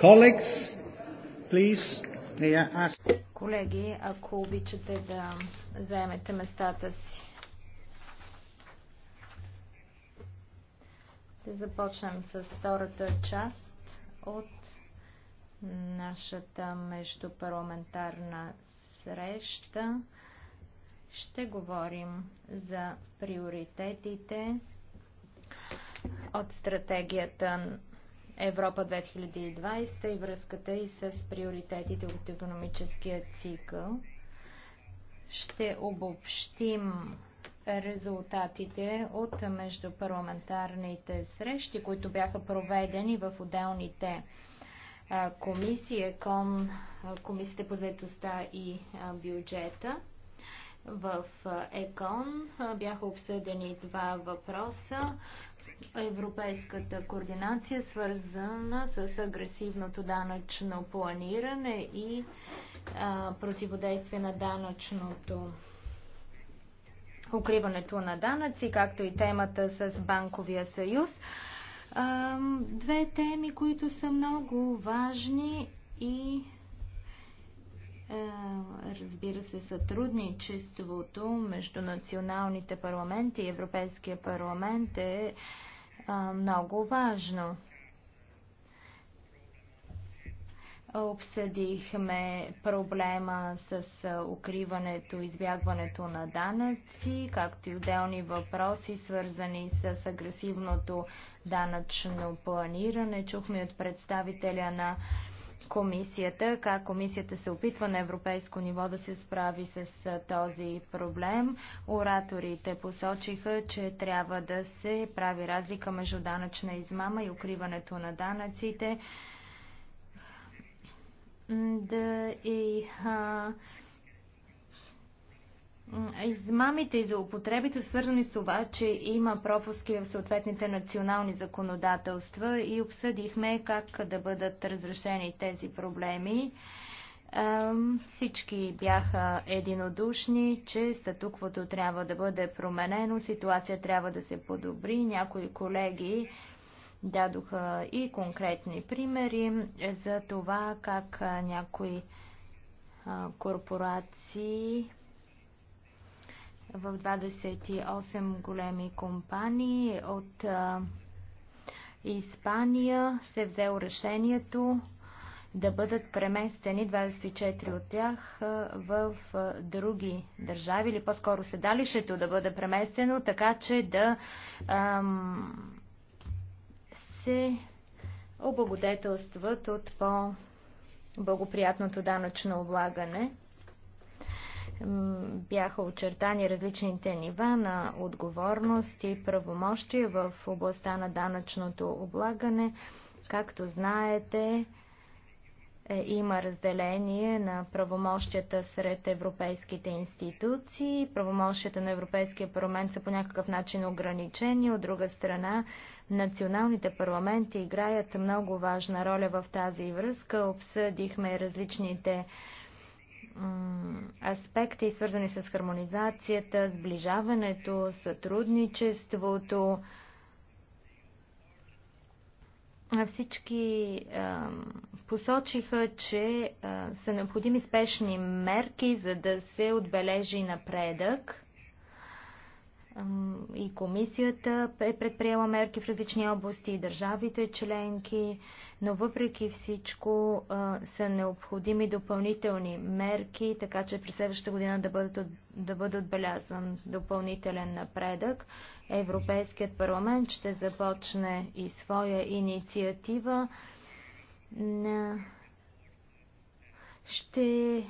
Colleagues, please, may I ask... Колеги, ако обичате да заемете местата си. Ще започнем с втората част от нашата междупарламентарна среща. Ще говорим за приоритетите от стратегията Европа 2020 и връзката и с приоритетите от економическия цикъл. Ще обобщим резултатите от междупарламентарните срещи, които бяха проведени в отделните комисии, кон, комисията по заедостта и бюджета. В ЕКОН бяха обсъдени два въпроса Европейската координация свързана с агресивното данъчно планиране и а, противодействие на данъчното укриването на данъци, както и темата с Банковия съюз. А, две теми, които са много важни и е, разбира се, сътрудничеството между националните парламенти и Европейския парламент е, е много важно. Обсъдихме проблема с е, укриването, избягването на данъци, както и отделни въпроси, свързани с агресивното данъчно планиране. Чухме от представителя на комисията, как комисията се опитва на европейско ниво да се справи с този проблем. Ораторите посочиха, че трябва да се прави разлика между данъчна измама и укриването на данъците. Да и а, Измамите и злоупотребите са свързани с това, че има пропуски в съответните национални законодателства и обсъдихме как да бъдат разрешени тези проблеми. Всички бяха единодушни, че статуквото трябва да бъде променено, ситуация трябва да се подобри. Някои колеги дадоха и конкретни примери за това как някои корпорации в 28 големи компании от Испания се взел решението да бъдат преместени 24 от тях в други държави или по-скоро седалището да бъде преместено, така че да ам, се облагодетелстват от по-благоприятното данъчно облагане бяха очертани различните нива на отговорност и правомощи в областта на данъчното облагане. Както знаете, е, има разделение на правомощията сред европейските институции. Правомощията на Европейския парламент са по някакъв начин ограничени. От друга страна, националните парламенти играят много важна роля в тази връзка. Обсъдихме различните аспекти, свързани с хармонизацията, сближаването, сътрудничеството, всички а, посочиха, че а, са необходими спешни мерки, за да се отбележи напредък и комисията е предприела мерки в различни области и държавите членки, но въпреки всичко са необходими допълнителни мерки, така че през следващата година да, бъде, да бъде отбелязан допълнителен напредък. Европейският парламент ще започне и своя инициатива. Ще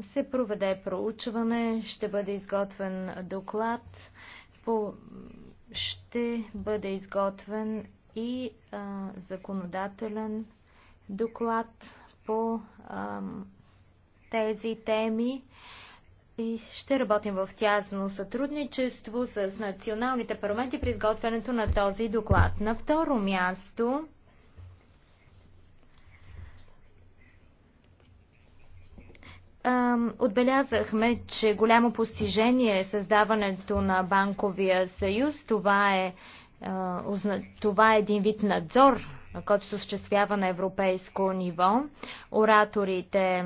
се проведе проучване, ще бъде изготвен доклад, по... ще бъде изготвен и а, законодателен доклад по а, тези теми. И ще работим в тясно сътрудничество с националните парламенти при изготвянето на този доклад. На второ място Отбелязахме, че голямо постижение е създаването на банковия съюз. Това е, това е един вид надзор, който се осъществява на европейско ниво. Ораторите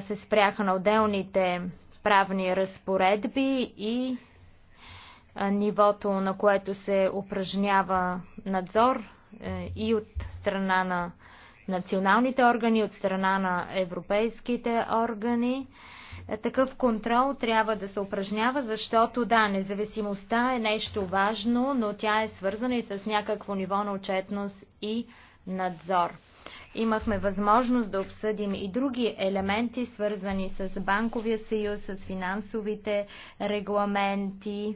се спряха на отделните правни разпоредби и нивото, на което се упражнява надзор е, и от страна на националните органи, от страна на европейските органи. Е, такъв контрол трябва да се упражнява, защото да, независимостта е нещо важно, но тя е свързана и с някакво ниво на отчетност и надзор. Имахме възможност да обсъдим и други елементи, свързани с банковия съюз, с финансовите регламенти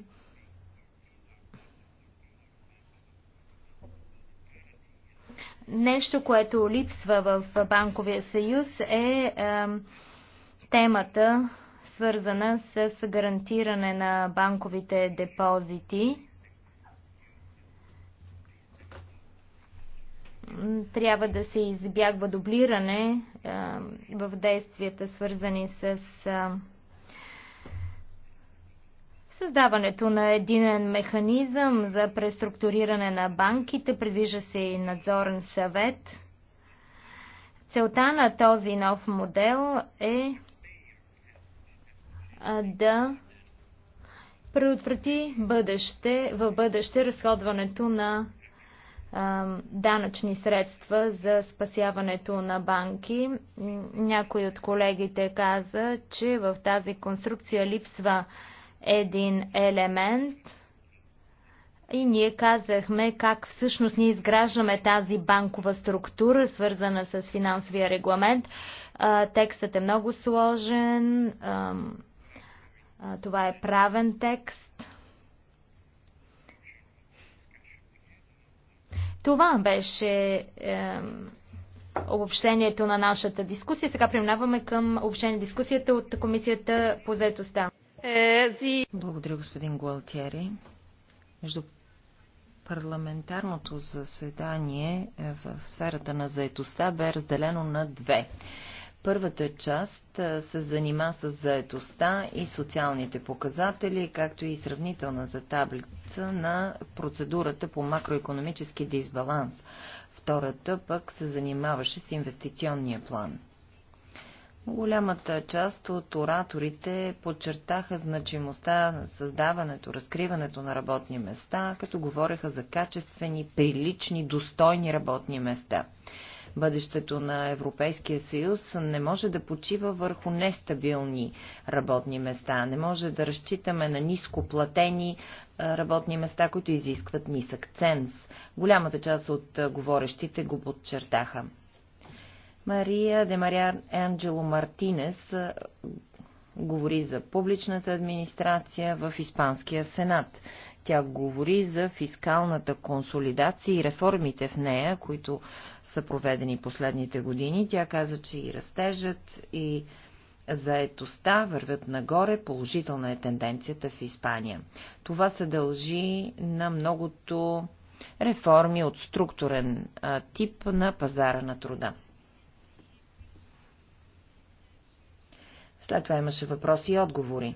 Нещо, което липсва в Банковия съюз е темата, свързана с гарантиране на банковите депозити. Трябва да се избягва дублиране в действията, свързани с Създаването на единен механизъм за преструктуриране на банките предвижда се и надзорен съвет. Целта на този нов модел е да предотврати бъдеще, в бъдеще разходването на данъчни средства за спасяването на банки. Някой от колегите каза, че в тази конструкция липсва един елемент и ние казахме как всъщност ние изграждаме тази банкова структура, свързана с финансовия регламент. Текстът е много сложен. Това е правен текст. Това беше обобщението на нашата дискусия. Сега преминаваме към обобщение дискусията от Комисията по заедостта. Е, Благодаря, господин Гуалтери. Между парламентарното заседание е, в сферата на заетостта бе разделено на две. Първата част е, се занима с заетостта и социалните показатели, както и сравнителната таблица на процедурата по макроекономически дисбаланс. Втората пък се занимаваше с инвестиционния план. Голямата част от ораторите подчертаха значимостта на създаването, разкриването на работни места, като говореха за качествени, прилични, достойни работни места. Бъдещето на Европейския съюз не може да почива върху нестабилни работни места. Не може да разчитаме на ниско платени е, работни места, които изискват нисък ценз. Голямата част от е, говорещите го подчертаха. Мария Мария Анджело Мартинес говори за публичната администрация в Испанския сенат. Тя говори за фискалната консолидация и реформите в нея, които са проведени последните години. Тя каза, че и растежът, и заетостта вървят нагоре, положителна е тенденцията в Испания. Това се дължи на многото реформи от структурен тип на пазара на труда. След това имаше въпроси и отговори.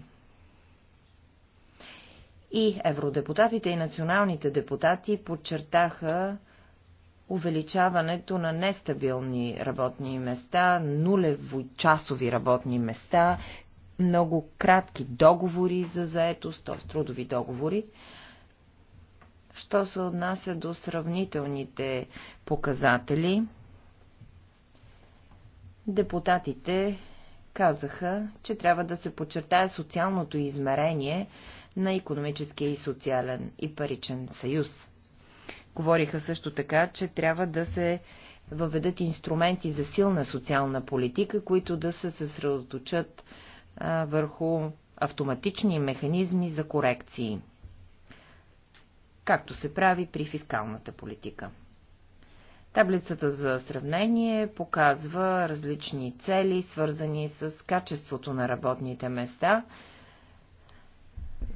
И евродепутатите и националните депутати подчертаха увеличаването на нестабилни работни места, нулево часови работни места, много кратки договори за заетост, т.е. трудови договори. Що се отнася до сравнителните показатели, депутатите казаха, че трябва да се подчертае социалното измерение на економическия и социален и паричен съюз. Говориха също така, че трябва да се въведат инструменти за силна социална политика, които да се съсредоточат а, върху автоматични механизми за корекции, както се прави при фискалната политика. Таблицата за сравнение показва различни цели, свързани с качеството на работните места.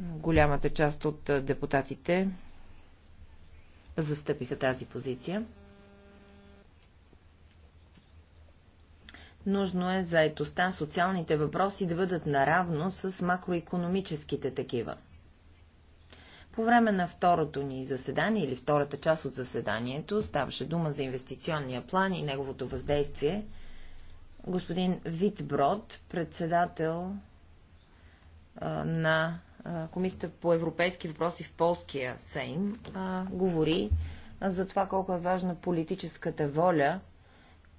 Голямата част от депутатите застъпиха тази позиция. Нужно е заедостта социалните въпроси да бъдат наравно с макроекономическите такива. По време на второто ни заседание или втората част от заседанието ставаше дума за инвестиционния план и неговото въздействие. Господин Витброд, председател на Комисията по европейски въпроси в Полския Сейм, говори за това колко е важна политическата воля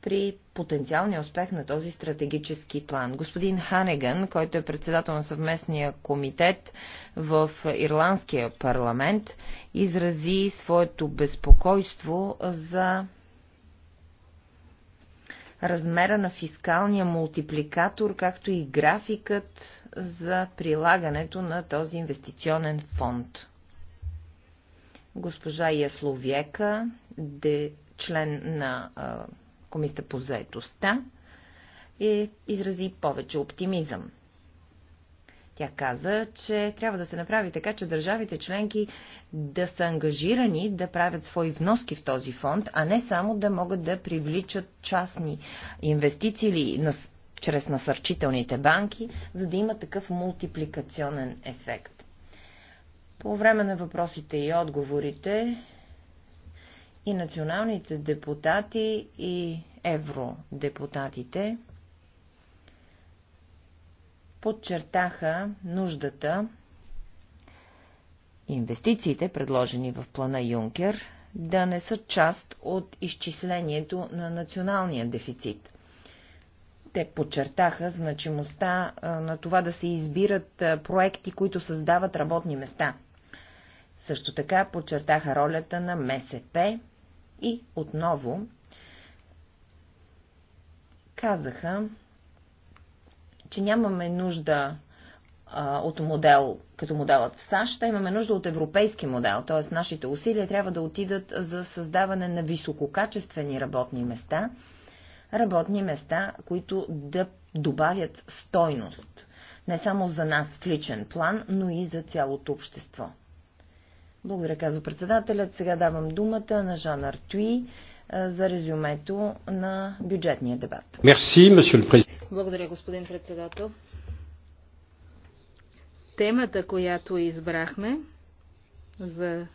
при потенциалния успех на този стратегически план. Господин Ханеган, който е председател на съвместния комитет в Ирландския парламент, изрази своето безпокойство за размера на фискалния мултипликатор, както и графикът за прилагането на този инвестиционен фонд. Госпожа Ясловека, де, член на Комисията по заедостта и е, изрази повече оптимизъм. Тя каза, че трябва да се направи така, че държавите членки да са ангажирани да правят свои вноски в този фонд, а не само да могат да привличат частни инвестиции или нас... чрез насърчителните банки, за да има такъв мултипликационен ефект. По време на въпросите и отговорите и националните депутати и евродепутатите подчертаха нуждата инвестициите, предложени в плана Юнкер, да не са част от изчислението на националния дефицит. Те подчертаха значимостта на това да се избират проекти, които създават работни места. Също така подчертаха ролята на МСП и отново казаха, че нямаме нужда а, от модел, като моделът в САЩ, а имаме нужда от европейски модел, т.е. нашите усилия трябва да отидат за създаване на висококачествени работни места, работни места, които да добавят стойност, не само за нас в личен план, но и за цялото общество. Благодаря, казва председателят. Сега давам думата на Жан Артуи за резюмето на бюджетния дебат. Merci, Благодаря, господин председател. Темата, която избрахме за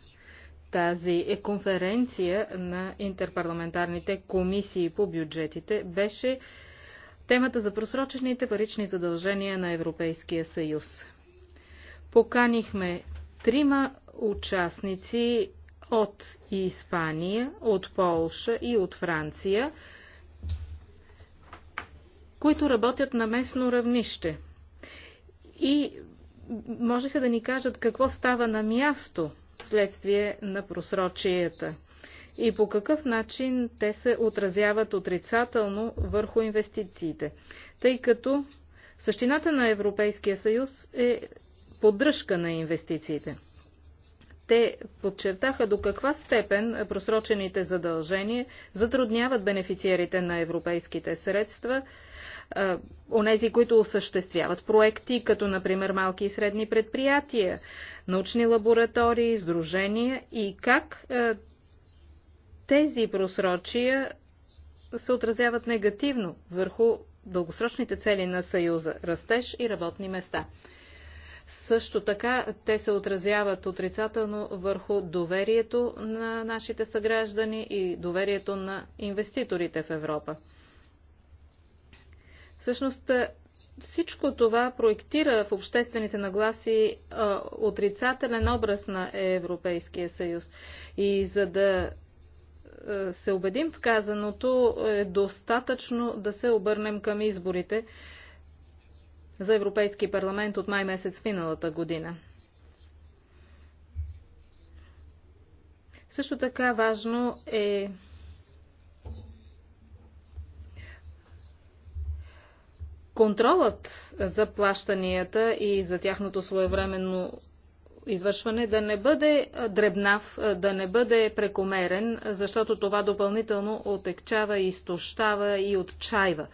тази е конференция на интерпарламентарните комисии по бюджетите, беше темата за просрочените парични задължения на Европейския съюз. Поканихме трима участници от Испания, от Полша и от Франция, които работят на местно равнище. И можеха да ни кажат какво става на място следствие на просрочията и по какъв начин те се отразяват отрицателно върху инвестициите, тъй като същината на Европейския съюз е поддръжка на инвестициите. Те подчертаха до каква степен просрочените задължения затрудняват бенефициерите на европейските средства, онези, които осъществяват проекти, като например малки и средни предприятия, научни лаборатории, сдружения и как тези просрочия се отразяват негативно върху дългосрочните цели на Съюза – растеж и работни места. Също така те се отразяват отрицателно върху доверието на нашите съграждани и доверието на инвеститорите в Европа. Всъщност всичко това проектира в обществените нагласи а, е, отрицателен образ на Европейския съюз. И за да а, е, се убедим в казаното, е достатъчно да се обърнем към изборите за Европейски парламент от май месец миналата година. Също така важно е контролът за плащанията и за тяхното своевременно извършване да не бъде дребнав, да не бъде прекомерен, защото това допълнително отекчава, изтощава и отчаива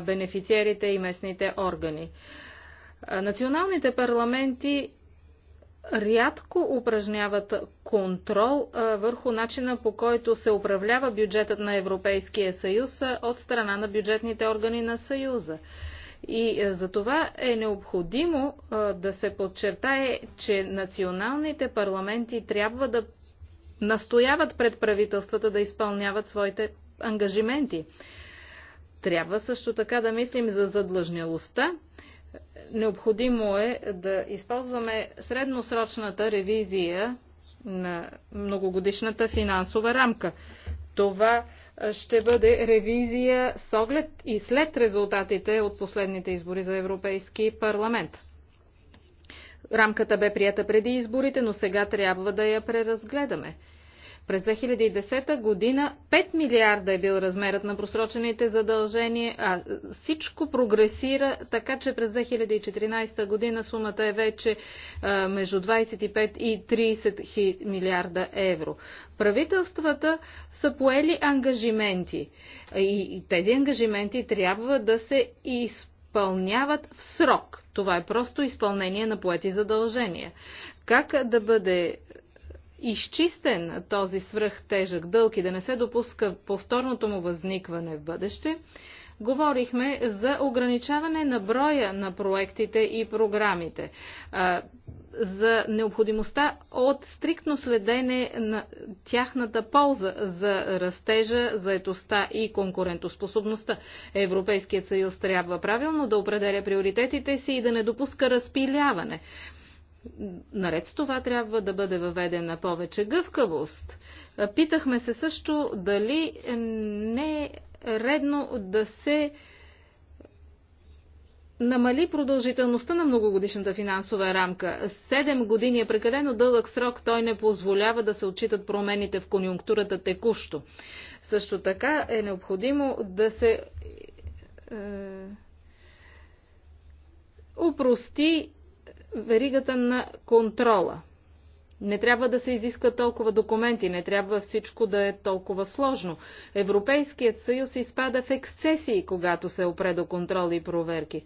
бенефициерите и местните органи. Националните парламенти рядко упражняват контрол върху начина по който се управлява бюджетът на Европейския съюз от страна на бюджетните органи на съюза. И за това е необходимо да се подчертае, че националните парламенти трябва да настояват пред правителствата да изпълняват своите ангажименти. Трябва също така да мислим за задлъжнялостта. Необходимо е да използваме средносрочната ревизия на многогодишната финансова рамка. Това ще бъде ревизия с оглед и след резултатите от последните избори за Европейски парламент. Рамката бе прията преди изборите, но сега трябва да я преразгледаме. През 2010 година 5 милиарда е бил размерът на просрочените задължения, а всичко прогресира, така че през 2014 година сумата е вече а, между 25 и 30 милиарда евро. Правителствата са поели ангажименти и тези ангажименти трябва да се изпълняват в срок. Това е просто изпълнение на поети задължения. Как да бъде изчистен този свръхтежък дълг и да не се допуска повторното му възникване в бъдеще, говорихме за ограничаване на броя на проектите и програмите, за необходимостта от стриктно следене на тяхната полза за растежа, заетостта и конкурентоспособността. Европейският съюз трябва правилно да определя приоритетите си и да не допуска разпиляване. Наред с това трябва да бъде въведена повече гъвкавост. Питахме се също дали не е редно да се намали продължителността на многогодишната финансова рамка. Седем години е прекалено дълъг срок, той не позволява да се отчитат промените в конюнктурата текущо. Също така е необходимо да се е, упрости веригата на контрола. Не трябва да се изискват толкова документи, не трябва всичко да е толкова сложно. Европейският съюз изпада в ексцесии, когато се опре до контрол и проверки.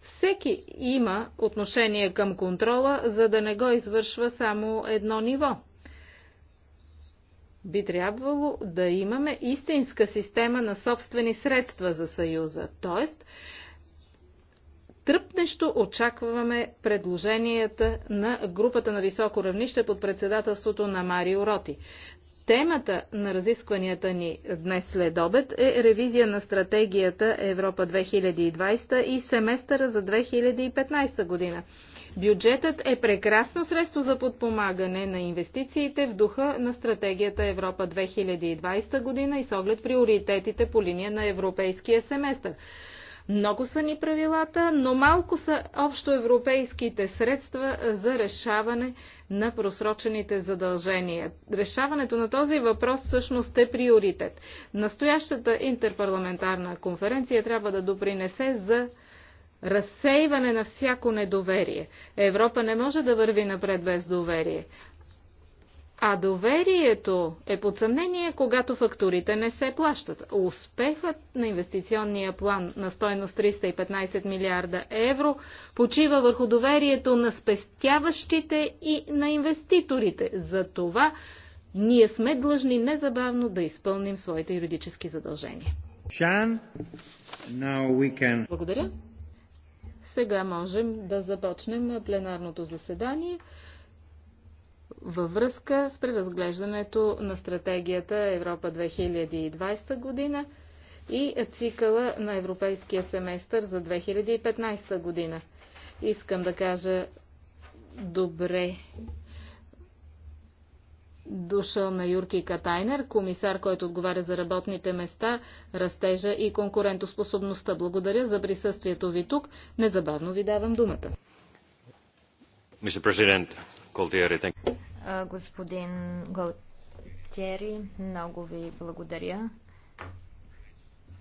Всеки има отношение към контрола, за да не го извършва само едно ниво. Би трябвало да имаме истинска система на собствени средства за Съюза, т.е тръпнещо очакваме предложенията на групата на високо равнище под председателството на Марио Роти. Темата на разискванията ни днес след обед е ревизия на стратегията Европа 2020 и семестъра за 2015 година. Бюджетът е прекрасно средство за подпомагане на инвестициите в духа на стратегията Европа 2020 година и с оглед приоритетите по линия на европейския семестър. Много са ни правилата, но малко са общоевропейските средства за решаване на просрочените задължения. Решаването на този въпрос всъщност е приоритет. Настоящата интерпарламентарна конференция трябва да допринесе за разсейване на всяко недоверие. Европа не може да върви напред без доверие. А доверието е под съмнение, когато фактурите не се плащат. Успехът на инвестиционния план на стойност 315 милиарда евро почива върху доверието на спестяващите и на инвеститорите. За това ние сме длъжни незабавно да изпълним своите юридически задължения. Шан, can... Благодаря. Сега можем да започнем пленарното заседание във връзка с преразглеждането на стратегията Европа 2020 година и цикъла на европейския семестър за 2015 година. Искам да кажа добре дошъл на Юрки Катайнер, комисар, който отговаря за работните места, растежа и конкурентоспособността. Благодаря за присъствието ви тук. Незабавно ви давам думата. Мисля президент, Господин Голтери, много ви благодаря.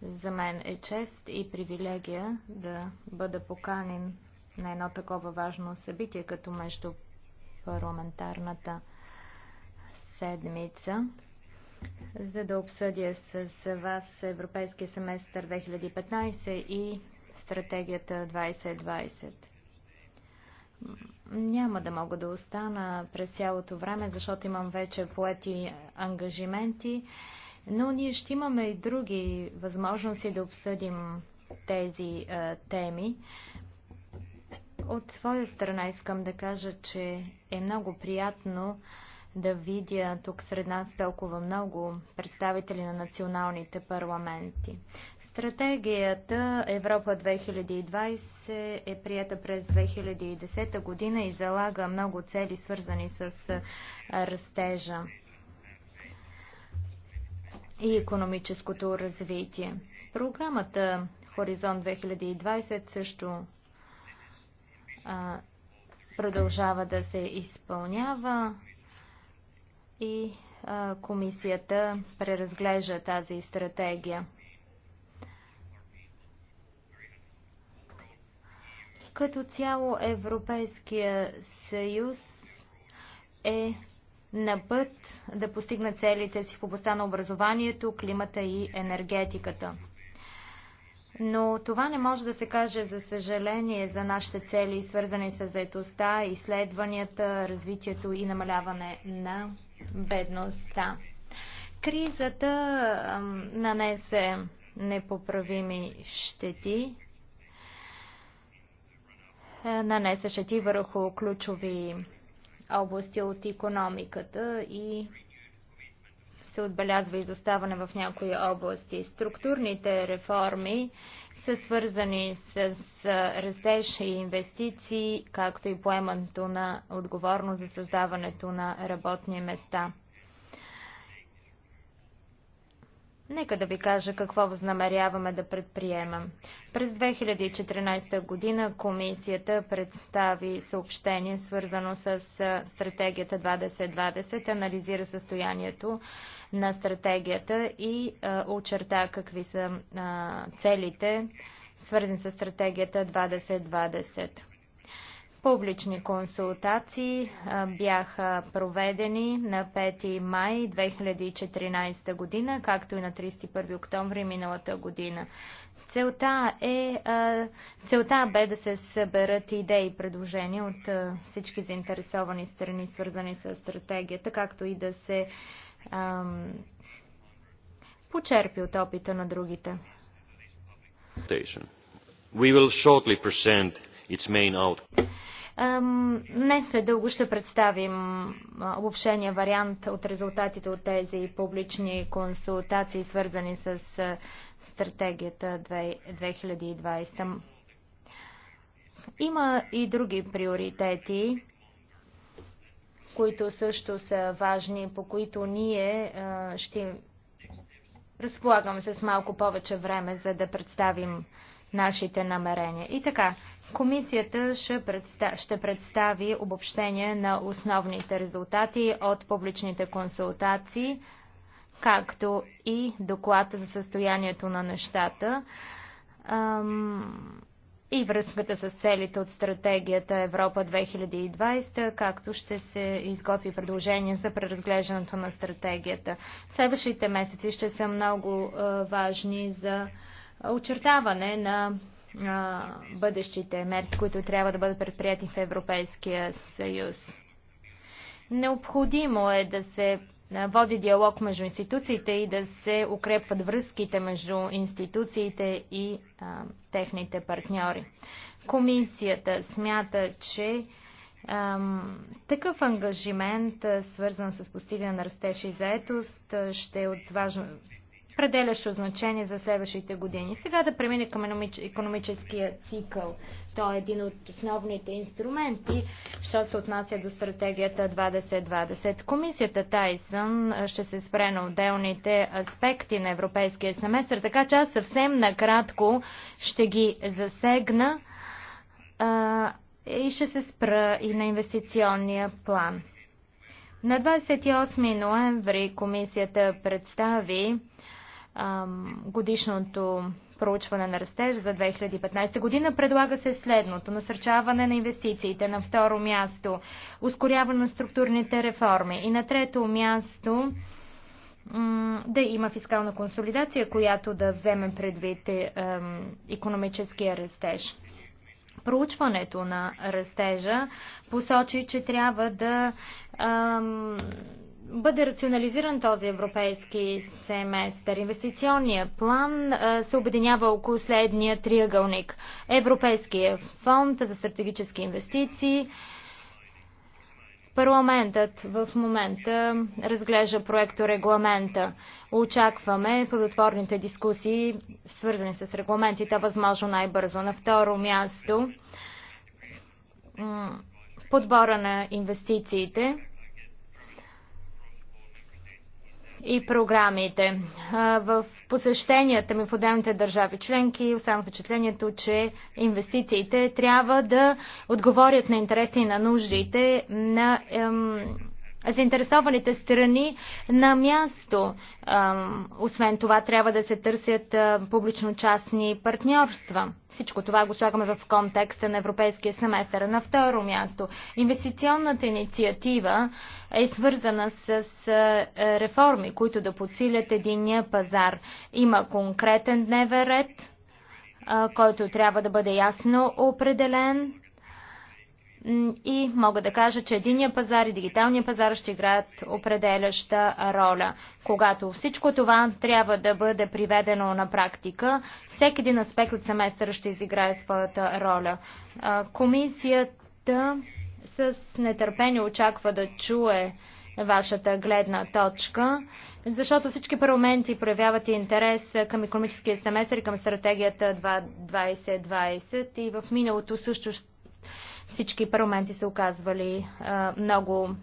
За мен е чест и привилегия да бъда поканен на едно такова важно събитие, като между парламентарната седмица, за да обсъдя с вас Европейския семестър 2015 и стратегията 2020 няма да мога да остана през цялото време, защото имам вече поети ангажименти, но ние ще имаме и други възможности да обсъдим тези е, теми. От своя страна искам да кажа, че е много приятно да видя тук сред нас толкова много представители на националните парламенти. Стратегията Европа 2020 е прията през 2010 година и залага много цели, свързани с растежа и економическото развитие. Програмата Хоризонт 2020 също продължава да се изпълнява и комисията преразглежда тази стратегия. Като цяло Европейския съюз е на път да постигне целите си в областта на образованието, климата и енергетиката. Но това не може да се каже, за съжаление, за нашите цели, свързани с заетостта, изследванията, развитието и намаляване на бедността. Кризата нанесе непоправими щети е, нанесе щети върху ключови области от економиката и се отбелязва изоставане в някои области. Структурните реформи са свързани с растеж и инвестиции, както и поемането на отговорност за създаването на работни места. Нека да ви кажа какво възнамеряваме да предприемам. През 2014 година комисията представи съобщение, свързано с стратегията 2020, анализира състоянието на стратегията и а, очерта какви са а, целите, свързани с стратегията 2020. Публични консултации бяха проведени на 5 май 2014 година, както и на 31 октомври миналата година. Целта, е, целта бе да се съберат идеи и предложения от всички заинтересовани страни, свързани с стратегията, както и да се ам, почерпи от опита на другите. We will shortly present its main outcome. Днес след дълго ще представим обобщения вариант от резултатите от тези публични консултации, свързани с стратегията 2020. Има и други приоритети, които също са важни, по които ние ще разполагаме с малко повече време, за да представим нашите намерения. И така, Комисията ще, представи обобщение на основните резултати от публичните консултации, както и доклад за състоянието на нещата и връзката с целите от стратегията Европа 2020, както ще се изготви предложение за преразглеждането на стратегията. Следващите месеци ще са много важни за очертаване на бъдещите мерки, които трябва да бъдат предприяти в Европейския съюз. Необходимо е да се води диалог между институциите и да се укрепват връзките между институциите и а, техните партньори. Комисията смята, че а, такъв ангажимент, свързан с постигане на растеж и заетост, ще е от важно определящо значение за следващите години. Сега да премине към економическия цикъл. Той е един от основните инструменти, що се отнася до стратегията 2020. Комисията Тайсън ще се спре на отделните аспекти на европейския семестър, така че аз съвсем накратко ще ги засегна а, и ще се спра и на инвестиционния план. На 28 ноември комисията представи годишното проучване на растеж за 2015 година предлага се следното. Насърчаване на инвестициите на второ място, ускоряване на структурните реформи и на трето място да има фискална консолидация, която да вземе предвид економическия растеж. Проучването на растежа посочи, че трябва да бъде рационализиран този европейски семестър. Инвестиционният план се обединява около следния триъгълник. Европейския фонд за стратегически инвестиции. Парламентът в момента разглежда проекто регламента. Очакваме плодотворните дискусии, свързани с регламентите, възможно най-бързо. На второ място подбора на инвестициите и програмите. В посещенията ми в отделните държави членки оставам впечатлението, че инвестициите трябва да отговорят на интереси и на нуждите на ем, заинтересованите страни на място. Освен това, трябва да се търсят публично-частни партньорства. Всичко това го слагаме в контекста на европейския семестър. На второ място, инвестиционната инициатива е свързана с реформи, които да подсилят единния пазар. Има конкретен дневен ред, който трябва да бъде ясно определен и мога да кажа, че единия пазар и дигиталния пазар ще играят определяща роля. Когато всичко това трябва да бъде приведено на практика, всеки един аспект от семестъра ще изиграе своята роля. Комисията с нетърпение очаква да чуе вашата гледна точка, защото всички парламенти проявяват интерес към економическия семестър и към стратегията 2020 и в миналото също ще всички парламенти са оказвали много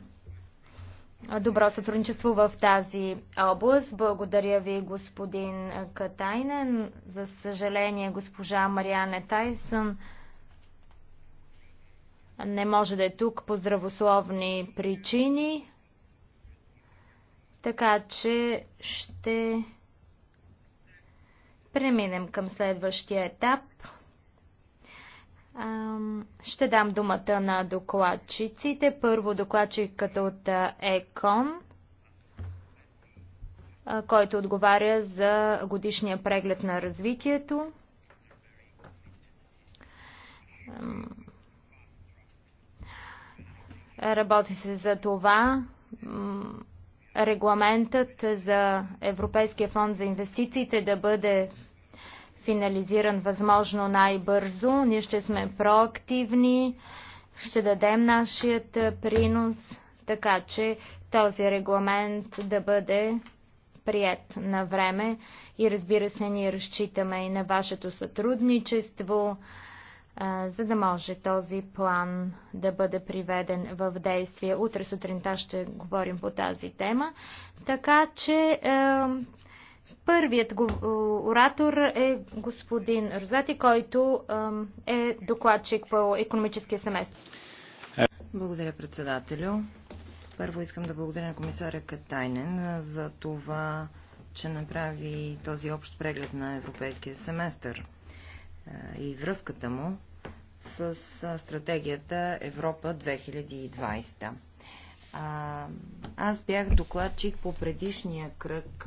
добро сътрудничество в тази област. Благодаря ви, господин Катайнен. За съжаление, госпожа Мариане Тайсън не може да е тук по здравословни причини. Така че ще преминем към следващия етап. Ще дам думата на докладчиците. Първо докладчикът от ЕКОН, който отговаря за годишния преглед на развитието. Работи се за това регламентът за Европейския фонд за инвестициите да бъде финализиран възможно най-бързо. Ние ще сме проактивни, ще дадем нашият принос, така че този регламент да бъде прият на време и разбира се, ние разчитаме и на вашето сътрудничество, за да може този план да бъде приведен в действие. Утре сутринта ще говорим по тази тема. Така че Първият е, оратор е господин Розати, който е докладчик по економическия семестър. Благодаря, председателю. Първо искам да благодаря на комисаря Катайнен за това, че направи този общ преглед на европейския семестър е, и връзката му с стратегията Европа 2020. Аз бях докладчик по предишния кръг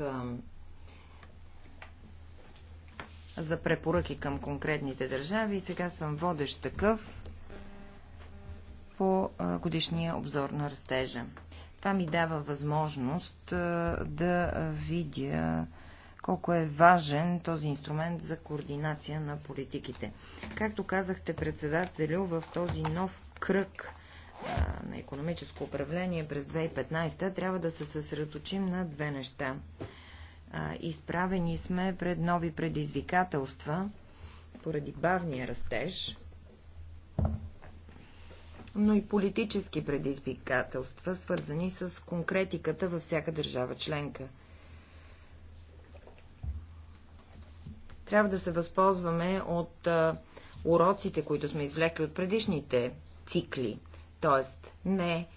за препоръки към конкретните държави и сега съм водещ такъв по годишния обзор на растежа. Това ми дава възможност да видя колко е важен този инструмент за координация на политиките. Както казахте, председателю, в този нов кръг на економическо управление през 2015 трябва да се съсредоточим на две неща изправени сме пред нови предизвикателства поради бавния растеж, но и политически предизвикателства, свързани с конкретиката във всяка държава членка. Трябва да се възползваме от уроците, които сме извлекли от предишните цикли, т.е. не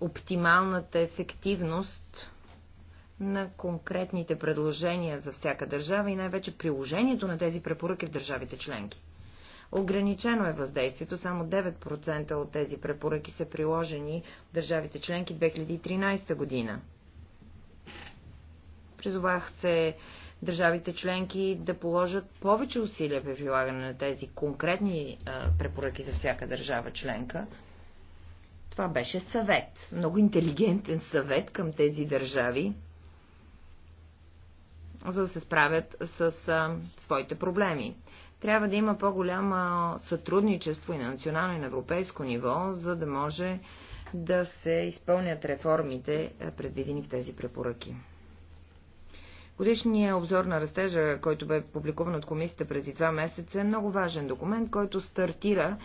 оптималната ефективност на конкретните предложения за всяка държава и най-вече приложението на тези препоръки в държавите членки. Ограничено е въздействието, само 9% от тези препоръки са приложени в държавите членки 2013 година. Призовах се държавите членки да положат повече усилия при прилагане на тези конкретни препоръки за всяка държава членка. Това беше съвет, много интелигентен съвет към тези държави, за да се справят с а, своите проблеми. Трябва да има по-голямо сътрудничество и на национално и на европейско ниво, за да може да се изпълнят реформите, предвидени в тези препоръки. Годишният обзор на растежа, който бе публикуван от комисията преди два месеца, е много важен документ, който стартира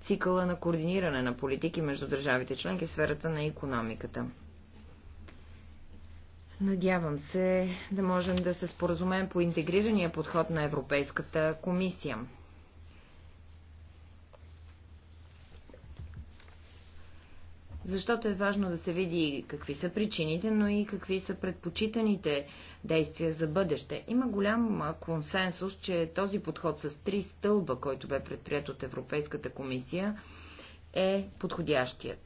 цикъла на координиране на политики между държавите членки в сферата на економиката. Надявам се да можем да се споразумеем по интегрирания подход на Европейската комисия. Защото е важно да се види какви са причините, но и какви са предпочитаните действия за бъдеще. Има голям консенсус, че този подход с три стълба, който бе предприят от Европейската комисия, е подходящият.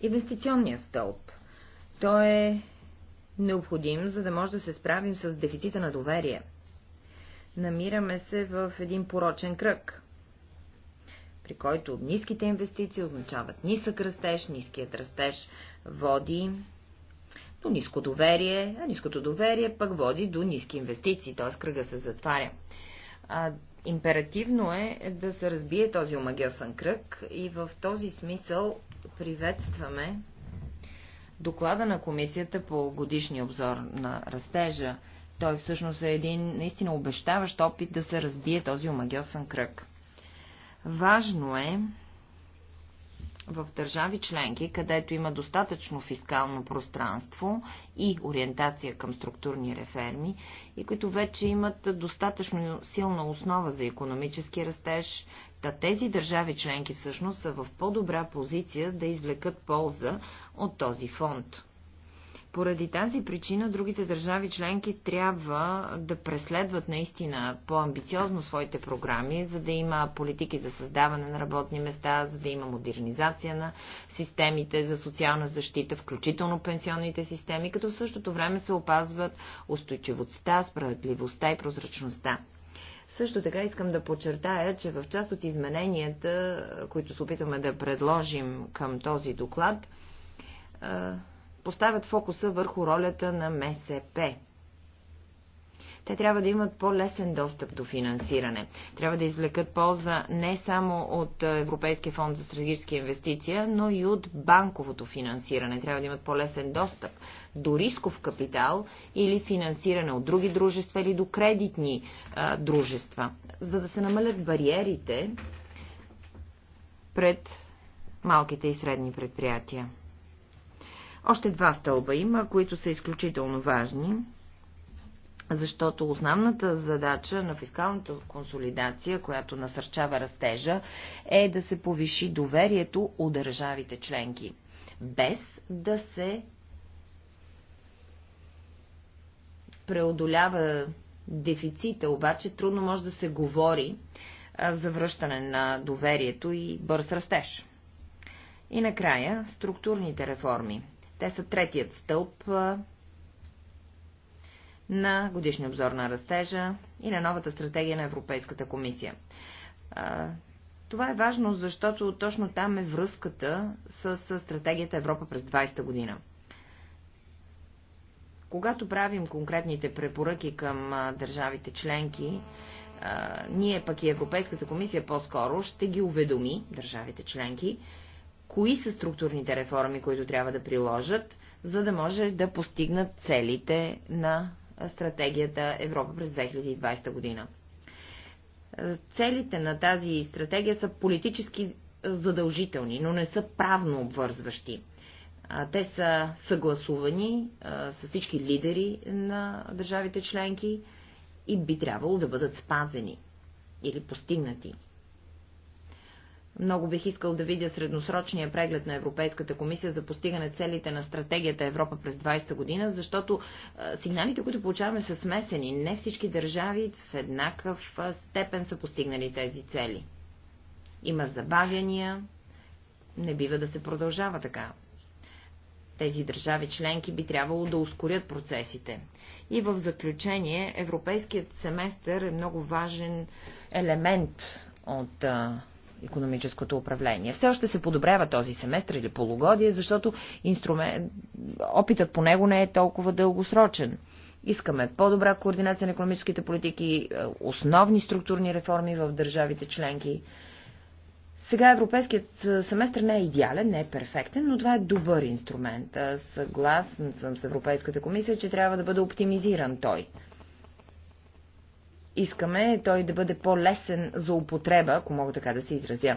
Инвестиционният стълб – той е необходим, за да може да се справим с дефицита на доверие. Намираме се в един порочен кръг, при който ниските инвестиции означават нисък растеж, ниският растеж води до ниско доверие, а ниското доверие пък води до ниски инвестиции, т.е. кръга се затваря. А, императивно е да се разбие този омагиосен кръг и в този смисъл приветстваме доклада на комисията по годишния обзор на растежа. Той всъщност е един наистина обещаващ опит да се разбие този омагиосен кръг. Важно е в държави членки, където има достатъчно фискално пространство и ориентация към структурни реформи, и които вече имат достатъчно силна основа за економически растеж, та тези държави членки всъщност са в по-добра позиция да извлекат полза от този фонд. Поради тази причина другите държави членки трябва да преследват наистина по-амбициозно своите програми, за да има политики за създаване на работни места, за да има модернизация на системите за социална защита, включително пенсионните системи, като в същото време се опазват устойчивостта, справедливостта и прозрачността. Също така искам да подчертая, че в част от измененията, които се опитваме да предложим към този доклад, поставят фокуса върху ролята на МСП. Те трябва да имат по-лесен достъп до финансиране. Трябва да извлекат полза не само от Европейския фонд за стратегически инвестиция, но и от банковото финансиране. Трябва да имат по-лесен достъп до рисков капитал или финансиране от други дружества или до кредитни а, дружества, за да се намалят бариерите пред малките и средни предприятия. Още два стълба има, които са изключително важни, защото основната задача на фискалната консолидация, която насърчава растежа, е да се повиши доверието у държавите членки, без да се преодолява дефицита, обаче трудно може да се говори за връщане на доверието и бърз растеж. И накрая структурните реформи. Те са третият стълб на годишния обзор на растежа и на новата стратегия на Европейската комисия. Това е важно, защото точно там е връзката с стратегията Европа през 20-та година. Когато правим конкретните препоръки към държавите членки, ние пък и Европейската комисия по-скоро ще ги уведоми, държавите членки, кои са структурните реформи, които трябва да приложат, за да може да постигнат целите на стратегията Европа през 2020 година. Целите на тази стратегия са политически задължителни, но не са правно обвързващи. Те са съгласувани с всички лидери на държавите членки и би трябвало да бъдат спазени или постигнати. Много бих искал да видя средносрочния преглед на Европейската комисия за постигане целите на стратегията Европа през 20-та година, защото сигналите, които получаваме, са смесени. Не всички държави в еднакъв степен са постигнали тези цели. Има забавяния. Не бива да се продължава така. Тези държави членки би трябвало да ускорят процесите. И в заключение, европейският семестър е много важен елемент от економическото управление. Все още се подобрява този семестър или полугодие, защото инструмент... опитът по него не е толкова дългосрочен. Искаме по-добра координация на економическите политики, е, основни структурни реформи в държавите членки. Сега европейският е, семестър не е идеален, не е перфектен, но това е добър инструмент. Съгласен съм с Европейската комисия, че трябва да бъде оптимизиран той искаме той да бъде по-лесен за употреба, ако мога така да се изразя.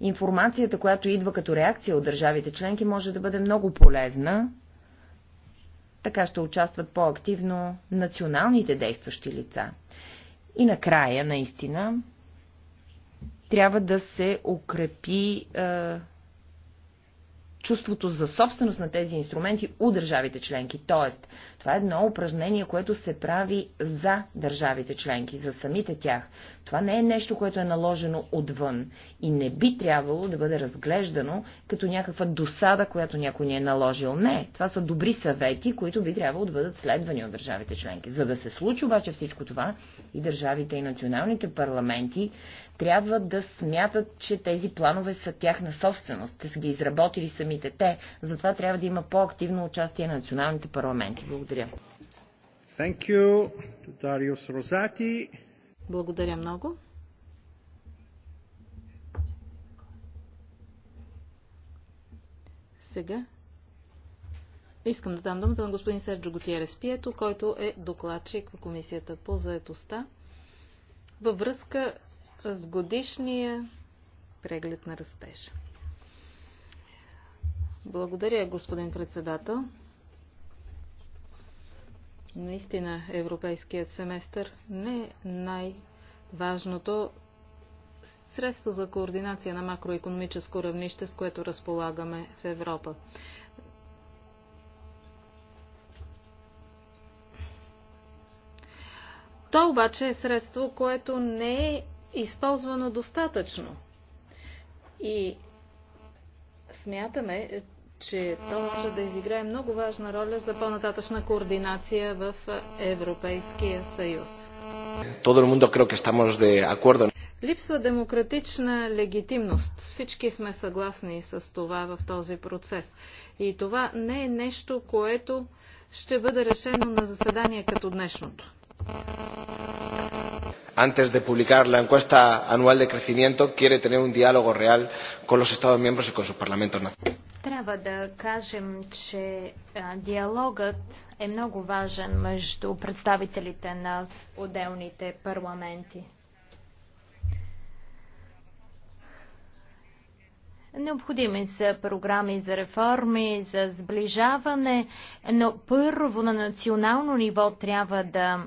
Информацията, която идва като реакция от държавите членки, може да бъде много полезна. Така ще участват по-активно националните действащи лица. И накрая, наистина, трябва да се укрепи е, чувството за собственост на тези инструменти у държавите членки. Тоест, това е едно упражнение, което се прави за държавите членки, за самите тях. Това не е нещо, което е наложено отвън и не би трябвало да бъде разглеждано като някаква досада, която някой ни е наложил. Не, това са добри съвети, които би трябвало да бъдат следвани от държавите членки. За да се случи обаче всичко това и държавите и националните парламенти трябва да смятат, че тези планове са тяхна собственост. Те са ги изработили самите те. Затова трябва да има по-активно участие на националните парламенти. Благодаря. Thank you, Darius Rosati. Благодаря много. Сега искам да дам думата на господин Серджо Готиерес Пието, който е докладчик в Комисията по заетостта във връзка с годишния преглед на растежа. Благодаря, господин председател. Наистина, европейският семестър не е най-важното средство за координация на макроекономическо равнище, с което разполагаме в Европа. То обаче е средство, което не е използвано достатъчно. И смятаме, че то може да изиграе много важна роля за по-нататъчна координация в Европейския съюз. Todo el mundo creo que estamos de acuerdo. Липсва демократична легитимност. Всички сме съгласни с това в този процес. И това не е нещо, което ще бъде решено на заседание като днешното antes de publicar la encuesta anual de crecimiento, quiere tener un diálogo real con los Estados miembros y con sus parlamentos nacionales. Трябва да кажем, че диалогът е много важен между представителите на отделните парламенти. Необходими са програми за реформи, за сближаване, но първо на национално ниво трябва да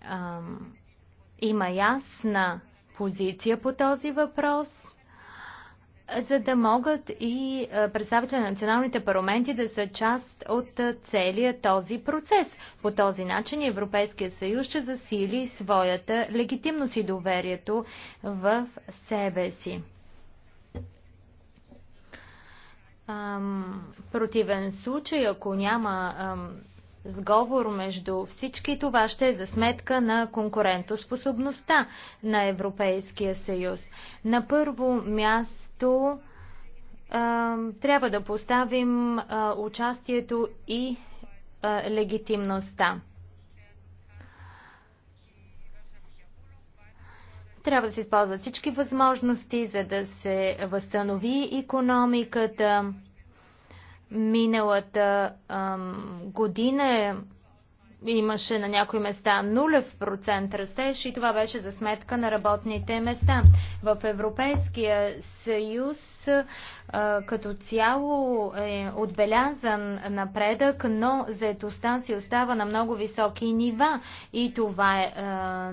ам, има ясна позиция по този въпрос, за да могат и представители на националните парламенти да са част от целия този процес. По този начин Европейския съюз ще засили своята легитимност и доверието в себе си. противен случай, ако няма сговор между всички, това ще е за сметка на конкурентоспособността на Европейския съюз. На първо място трябва да поставим участието и легитимността. Трябва да се използват всички възможности, за да се възстанови економиката, Миналата ам, година имаше на някои места нулев процент растеж и това беше за сметка на работните места. В Европейския съюз а, като цяло е отбелязан напредък, но заетостта си остава на много високи нива и това е а,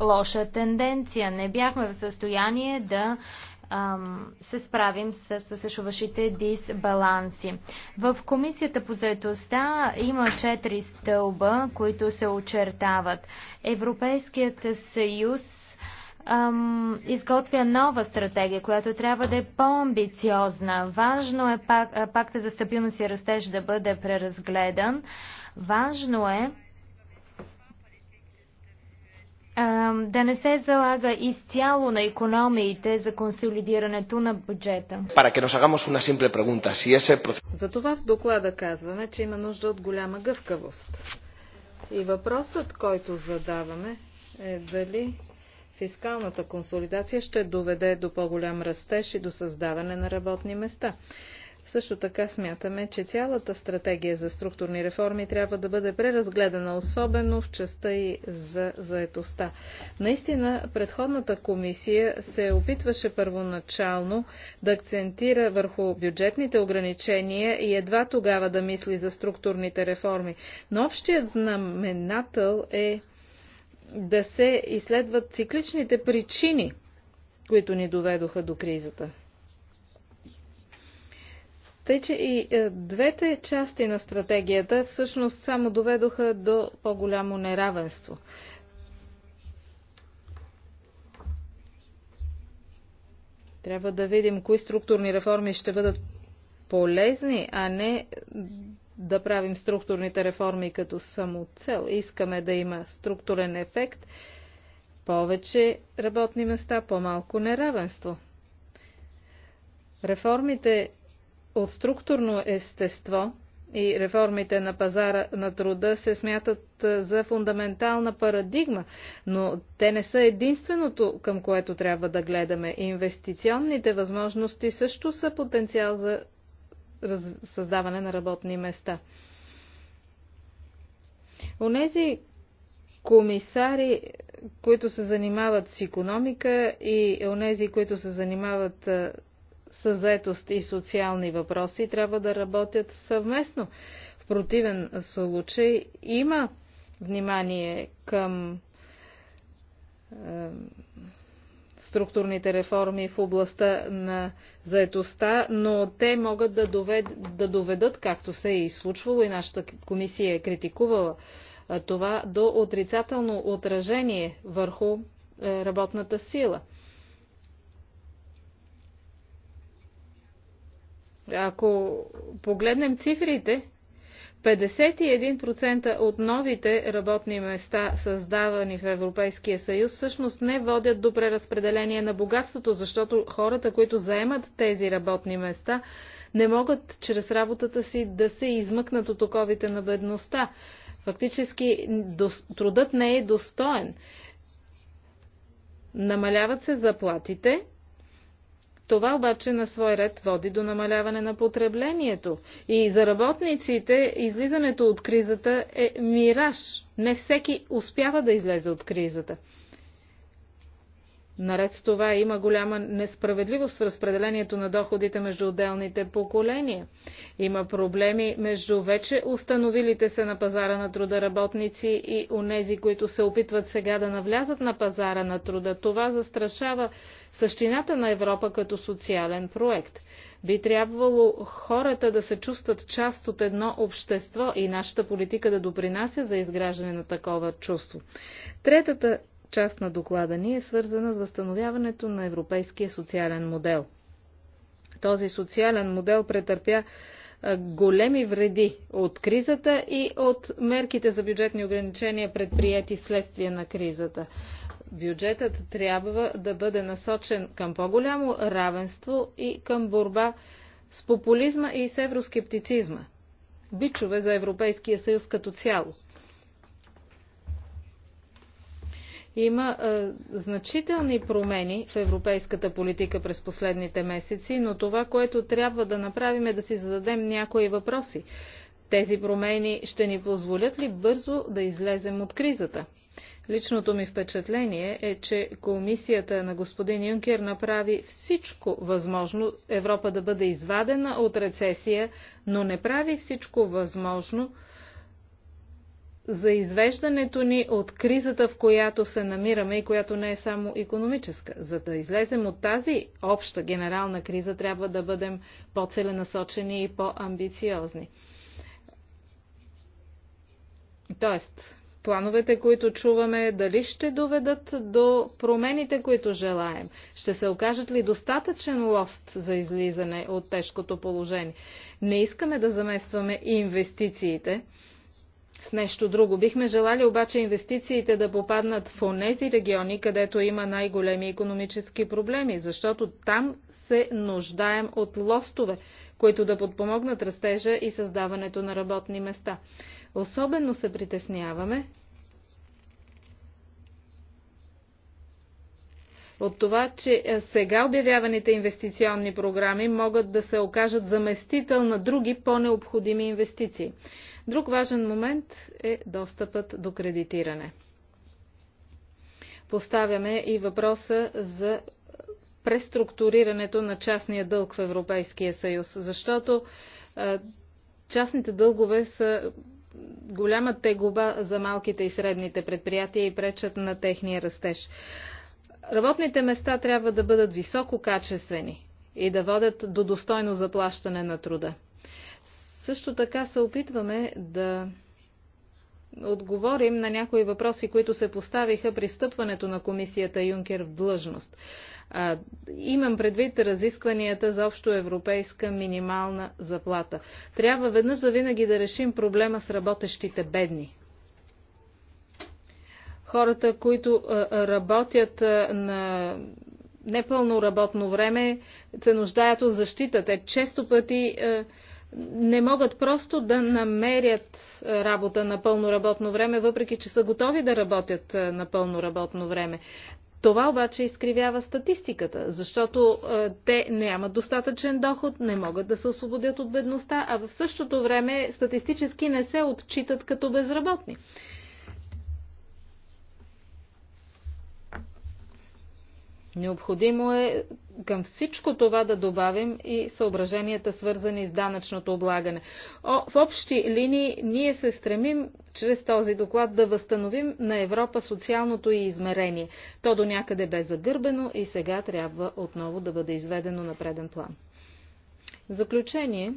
лоша тенденция. Не бяхме в състояние да а, се справим с съществуващите дисбаланси. В Комисията по заедостта има четири стълба, които се очертават. Европейският съюз ам, изготвя нова стратегия, която трябва да е по-амбициозна. Важно е пак, пакта за стабилност и растеж да бъде преразгледан. Важно е да не се залага изцяло на економиите за консолидирането на бюджета. Е Затова в доклада казваме, че има нужда от голяма гъвкавост. И въпросът, който задаваме е дали фискалната консолидация ще доведе до по-голям растеж и до създаване на работни места. Също така смятаме, че цялата стратегия за структурни реформи трябва да бъде преразгледана, особено в частта и за заетостта. Наистина, предходната комисия се опитваше първоначално да акцентира върху бюджетните ограничения и едва тогава да мисли за структурните реформи. Но общият знаменател е да се изследват цикличните причини, които ни доведоха до кризата. Тъй, че и е, двете части на стратегията всъщност само доведоха до по-голямо неравенство. Трябва да видим кои структурни реформи ще бъдат полезни, а не да правим структурните реформи като само цел. Искаме да има структурен ефект, повече работни места, по-малко неравенство. Реформите от структурно естество и реформите на пазара на труда се смятат за фундаментална парадигма, но те не са единственото, към което трябва да гледаме. Инвестиционните възможности също са потенциал за раз... създаване на работни места. Онези комисари, които се занимават с економика и онези, които се занимават с заетост и социални въпроси трябва да работят съвместно. В противен случай има внимание към е, структурните реформи в областта на заетостта, но те могат да, довед, да доведат, както се е и случвало и нашата комисия е критикувала е, това, до отрицателно отражение върху е, работната сила. Ако погледнем цифрите, 51% от новите работни места, създавани в Европейския съюз, всъщност не водят до преразпределение на богатството, защото хората, които заемат тези работни места, не могат чрез работата си да се измъкнат от оковите на бедността. Фактически трудът не е достоен. Намаляват се заплатите, това обаче на свой ред води до намаляване на потреблението. И за работниците излизането от кризата е мираж. Не всеки успява да излезе от кризата. Наред с това има голяма несправедливост в разпределението на доходите между отделните поколения. Има проблеми между вече установилите се на пазара на труда работници и онези, които се опитват сега да навлязат на пазара на труда. Това застрашава същината на Европа като социален проект. Би трябвало хората да се чувстват част от едно общество и нашата политика да допринася за изграждане на такова чувство. Третата част на доклада ни е свързана с възстановяването на европейския социален модел. Този социален модел претърпя големи вреди от кризата и от мерките за бюджетни ограничения, предприяти следствие на кризата. Бюджетът трябва да бъде насочен към по-голямо равенство и към борба с популизма и с евроскептицизма. Бичове за Европейския съюз като цяло – Има е, значителни промени в европейската политика през последните месеци, но това, което трябва да направим е да си зададем някои въпроси. Тези промени ще ни позволят ли бързо да излезем от кризата? Личното ми впечатление е, че комисията на господин Юнкер направи всичко възможно Европа да бъде извадена от рецесия, но не прави всичко възможно за извеждането ни от кризата, в която се намираме и която не е само економическа. За да излезем от тази обща генерална криза, трябва да бъдем по-целенасочени и по-амбициозни. Тоест, плановете, които чуваме, дали ще доведат до промените, които желаем? Ще се окажат ли достатъчен лост за излизане от тежкото положение? Не искаме да заместваме инвестициите, с нещо друго. Бихме желали обаче инвестициите да попаднат в онези региони, където има най-големи економически проблеми, защото там се нуждаем от лостове, които да подпомогнат растежа и създаването на работни места. Особено се притесняваме от това, че е, сега обявяваните инвестиционни програми могат да се окажат заместител на други по-необходими инвестиции. Друг важен момент е достъпът до кредитиране. Поставяме и въпроса за преструктурирането на частния дълг в Европейския съюз, защото частните дългове са голяма тегуба за малките и средните предприятия и пречат на техния растеж. Работните места трябва да бъдат висококачествени и да водят до достойно заплащане на труда. Също така се опитваме да отговорим на някои въпроси, които се поставиха при стъпването на комисията Юнкер в длъжност. А, имам предвид разискванията за общо европейска минимална заплата. Трябва веднъж за винаги да решим проблема с работещите бедни. Хората, които а, работят а, на непълно работно време, се нуждаят от защита. Те често пъти а, не могат просто да намерят е, работа на пълно работно време, въпреки че са готови да работят е, на пълно работно време. Това обаче изкривява статистиката, защото е, те нямат достатъчен доход, не могат да се освободят от бедността, а в същото време статистически не се отчитат като безработни. Необходимо е към всичко това да добавим и съображенията, свързани с данъчното облагане. О, в общи линии ние се стремим чрез този доклад да възстановим на Европа социалното и измерение. То до някъде бе загърбено и сега трябва отново да бъде изведено на преден план. В заключение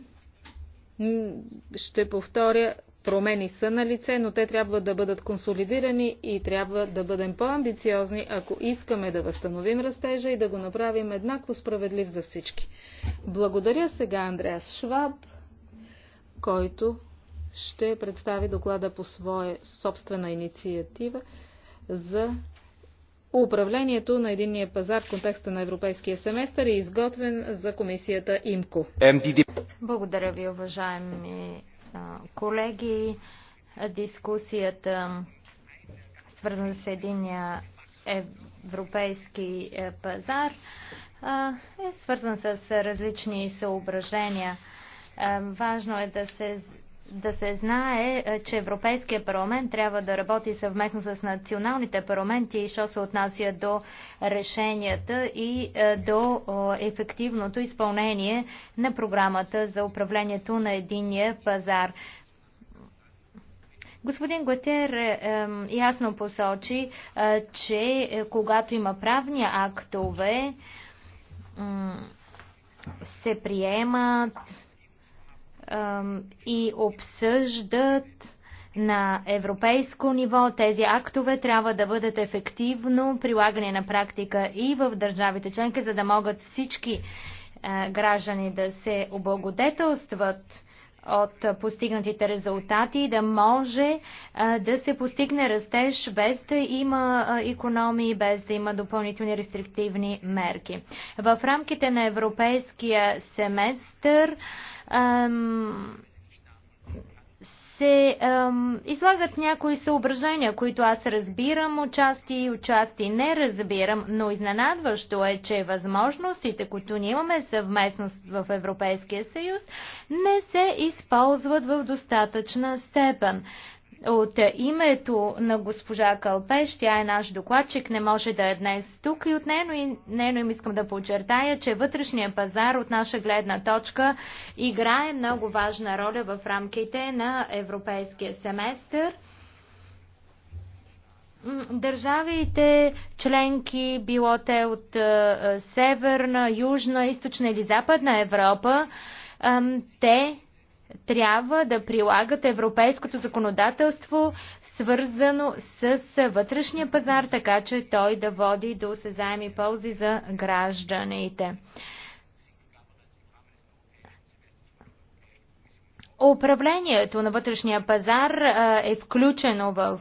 ще повторя промени са на лице, но те трябва да бъдат консолидирани и трябва да бъдем по-амбициозни, ако искаме да възстановим растежа и да го направим еднакво справедлив за всички. Благодаря сега Андреас Шваб, който ще представи доклада по своя собствена инициатива за управлението на единния пазар в контекста на европейския семестър и изготвен за комисията ИМКО. Благодаря ви, уважаеми колеги. Дискусията свързана с единия европейски е, пазар е свързан с различни съображения. Е, важно е да се да се знае, е, че Европейския парламент трябва да работи съвместно с националните парламенти, що се отнася до решенията и е, до ефективното изпълнение на програмата за управлението на единния пазар. Господин Гуатер е, е, ясно посочи, е, че е, когато има правни актове, се приемат и обсъждат на европейско ниво. Тези актове трябва да бъдат ефективно прилагани на практика и в държавите членки, за да могат всички е, граждани да се облагодетелстват от постигнатите резултати и да може е, да се постигне растеж без да има економии, без да има допълнителни рестриктивни мерки. В рамките на европейския семестър се излагат някои съображения, които аз разбирам отчасти и отчасти не разбирам, но изненадващо е, че възможностите, които ние имаме съвместно в Европейския съюз, не се използват в достатъчна степен. От името на госпожа Кълпеш, тя е наш докладчик, не може да е днес тук и от нейно, нейно им искам да подчертая, че вътрешния пазар от наша гледна точка играе много важна роля в рамките на европейския семестър. Държавите членки, било те от е, е, северна, южна, източна или западна Европа, те трябва да прилагат европейското законодателство, свързано с вътрешния пазар, така че той да води до осезаеми ползи за гражданите. Управлението на вътрешния пазар е включено в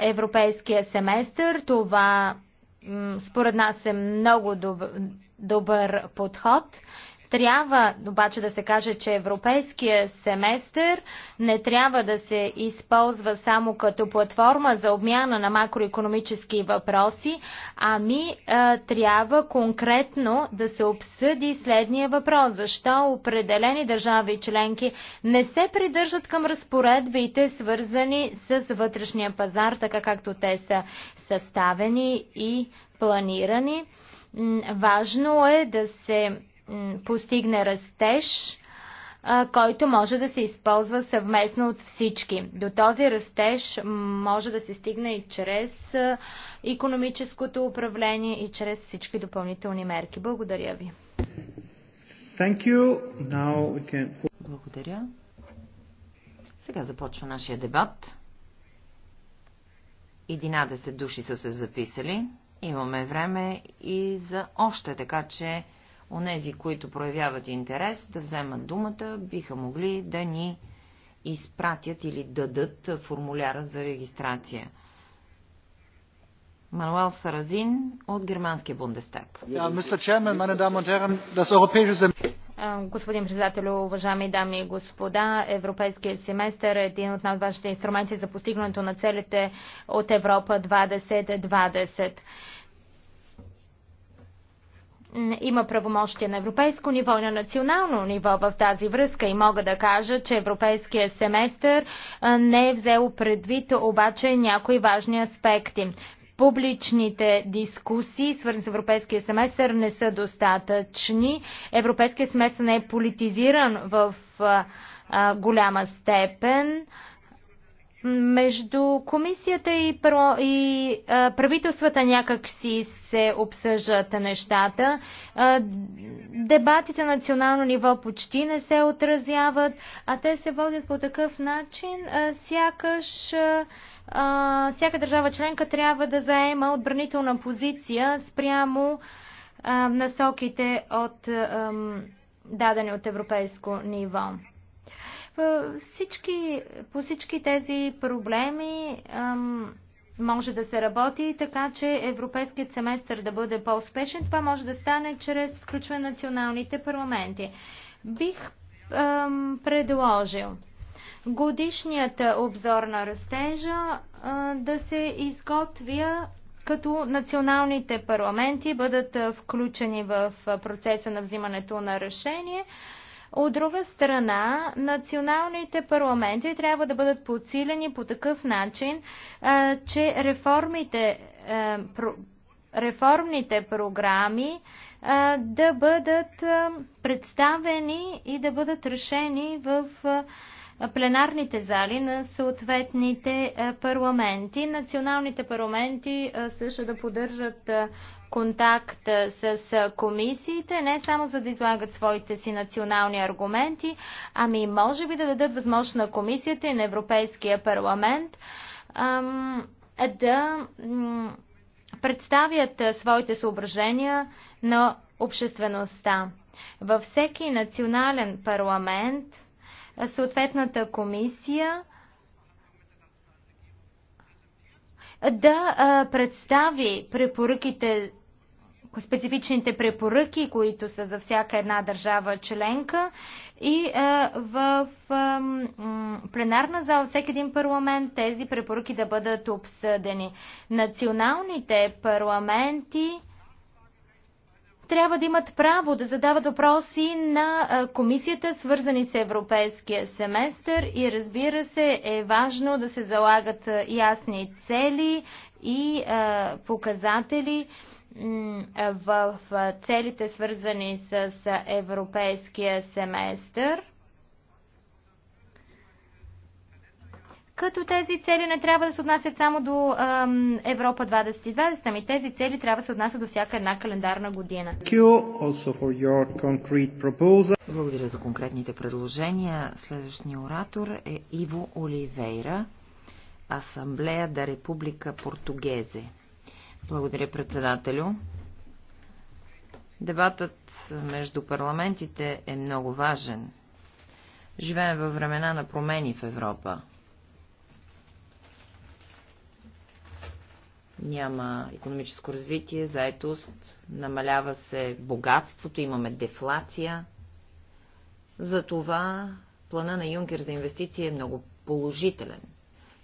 европейския семестър. Това според нас е много добър подход. Трябва обаче да се каже, че европейския семестър не трябва да се използва само като платформа за обмяна на макроекономически въпроси, ами а, е, трябва конкретно да се обсъди следния въпрос. Защо определени държави и членки не се придържат към разпоредбите, свързани с вътрешния пазар, така както те са съставени и планирани? Важно е да се постигне растеж, който може да се използва съвместно от всички. До този растеж може да се стигне и чрез економическото управление и чрез всички допълнителни мерки. Благодаря ви. Thank you. Now we can... Благодаря. Сега започва нашия дебат. 11 души са се записали. Имаме време и за още, така че Онези, които проявяват интерес да вземат думата, биха могли да ни изпратят или дадат формуляра за регистрация. Мануел Саразин от германския Бундестаг. Господин председател, уважаеми дами и господа, Европейския семестър е един от най-важните инструменти за постигането на целите от Европа 2020 има правомощия на европейско ниво и на национално ниво в тази връзка и мога да кажа, че европейския семестър не е взел предвид обаче някои важни аспекти. Публичните дискусии, свързани с европейския семестър, не са достатъчни. Европейския семестър не е политизиран в голяма степен между комисията и, про, и а, правителствата някак си се обсъждат нещата. А, дебатите на национално ниво почти не се отразяват, а те се водят по такъв начин, а, сякаш а, всяка държава членка трябва да заема отбранителна позиция спрямо а, насоките от, а, дадени от европейско ниво. Е, всички, по всички тези проблеми ам, може да се работи така, че европейският семестър да бъде по-успешен. Това може да стане чрез включване на националните парламенти. Бих ам, предложил годишният обзор на растежа а, да се изготвя като националните парламенти бъдат включени в процеса на взимането на решение. От друга страна, националните парламенти трябва да бъдат подсилени по такъв начин, че реформите, реформните програми да бъдат представени и да бъдат решени в пленарните зали на съответните парламенти. Националните парламенти също да поддържат контакт с комисиите, не само за да излагат своите си национални аргументи, ами може би да дадат възможност на комисията и на Европейския парламент ам, да представят своите съображения на обществеността. Във всеки национален парламент съответната комисия да представи препоръките специфичните препоръки, които са за всяка една държава членка. И е, в пленарна зала, всеки един парламент, тези препоръки да бъдат обсъдени. Националните парламенти трябва да имат право да задават въпроси на е, комисията, свързани с европейския семестър и разбира се е важно да се залагат е, ясни цели и показатели в целите свързани с европейския семестър. Като тези цели не трябва да се отнасят само до Европа 2020, ами тези цели трябва да се отнасят до всяка една календарна година. Благодаря за конкретните предложения. Следващия оратор е Иво Оливейра, Асамблея да Република Португезе. Благодаря, председателю. Дебатът между парламентите е много важен. Живеем във времена на промени в Европа. Няма економическо развитие, заетост, намалява се богатството, имаме дефлация. Затова плана на Юнкер за инвестиции е много положителен.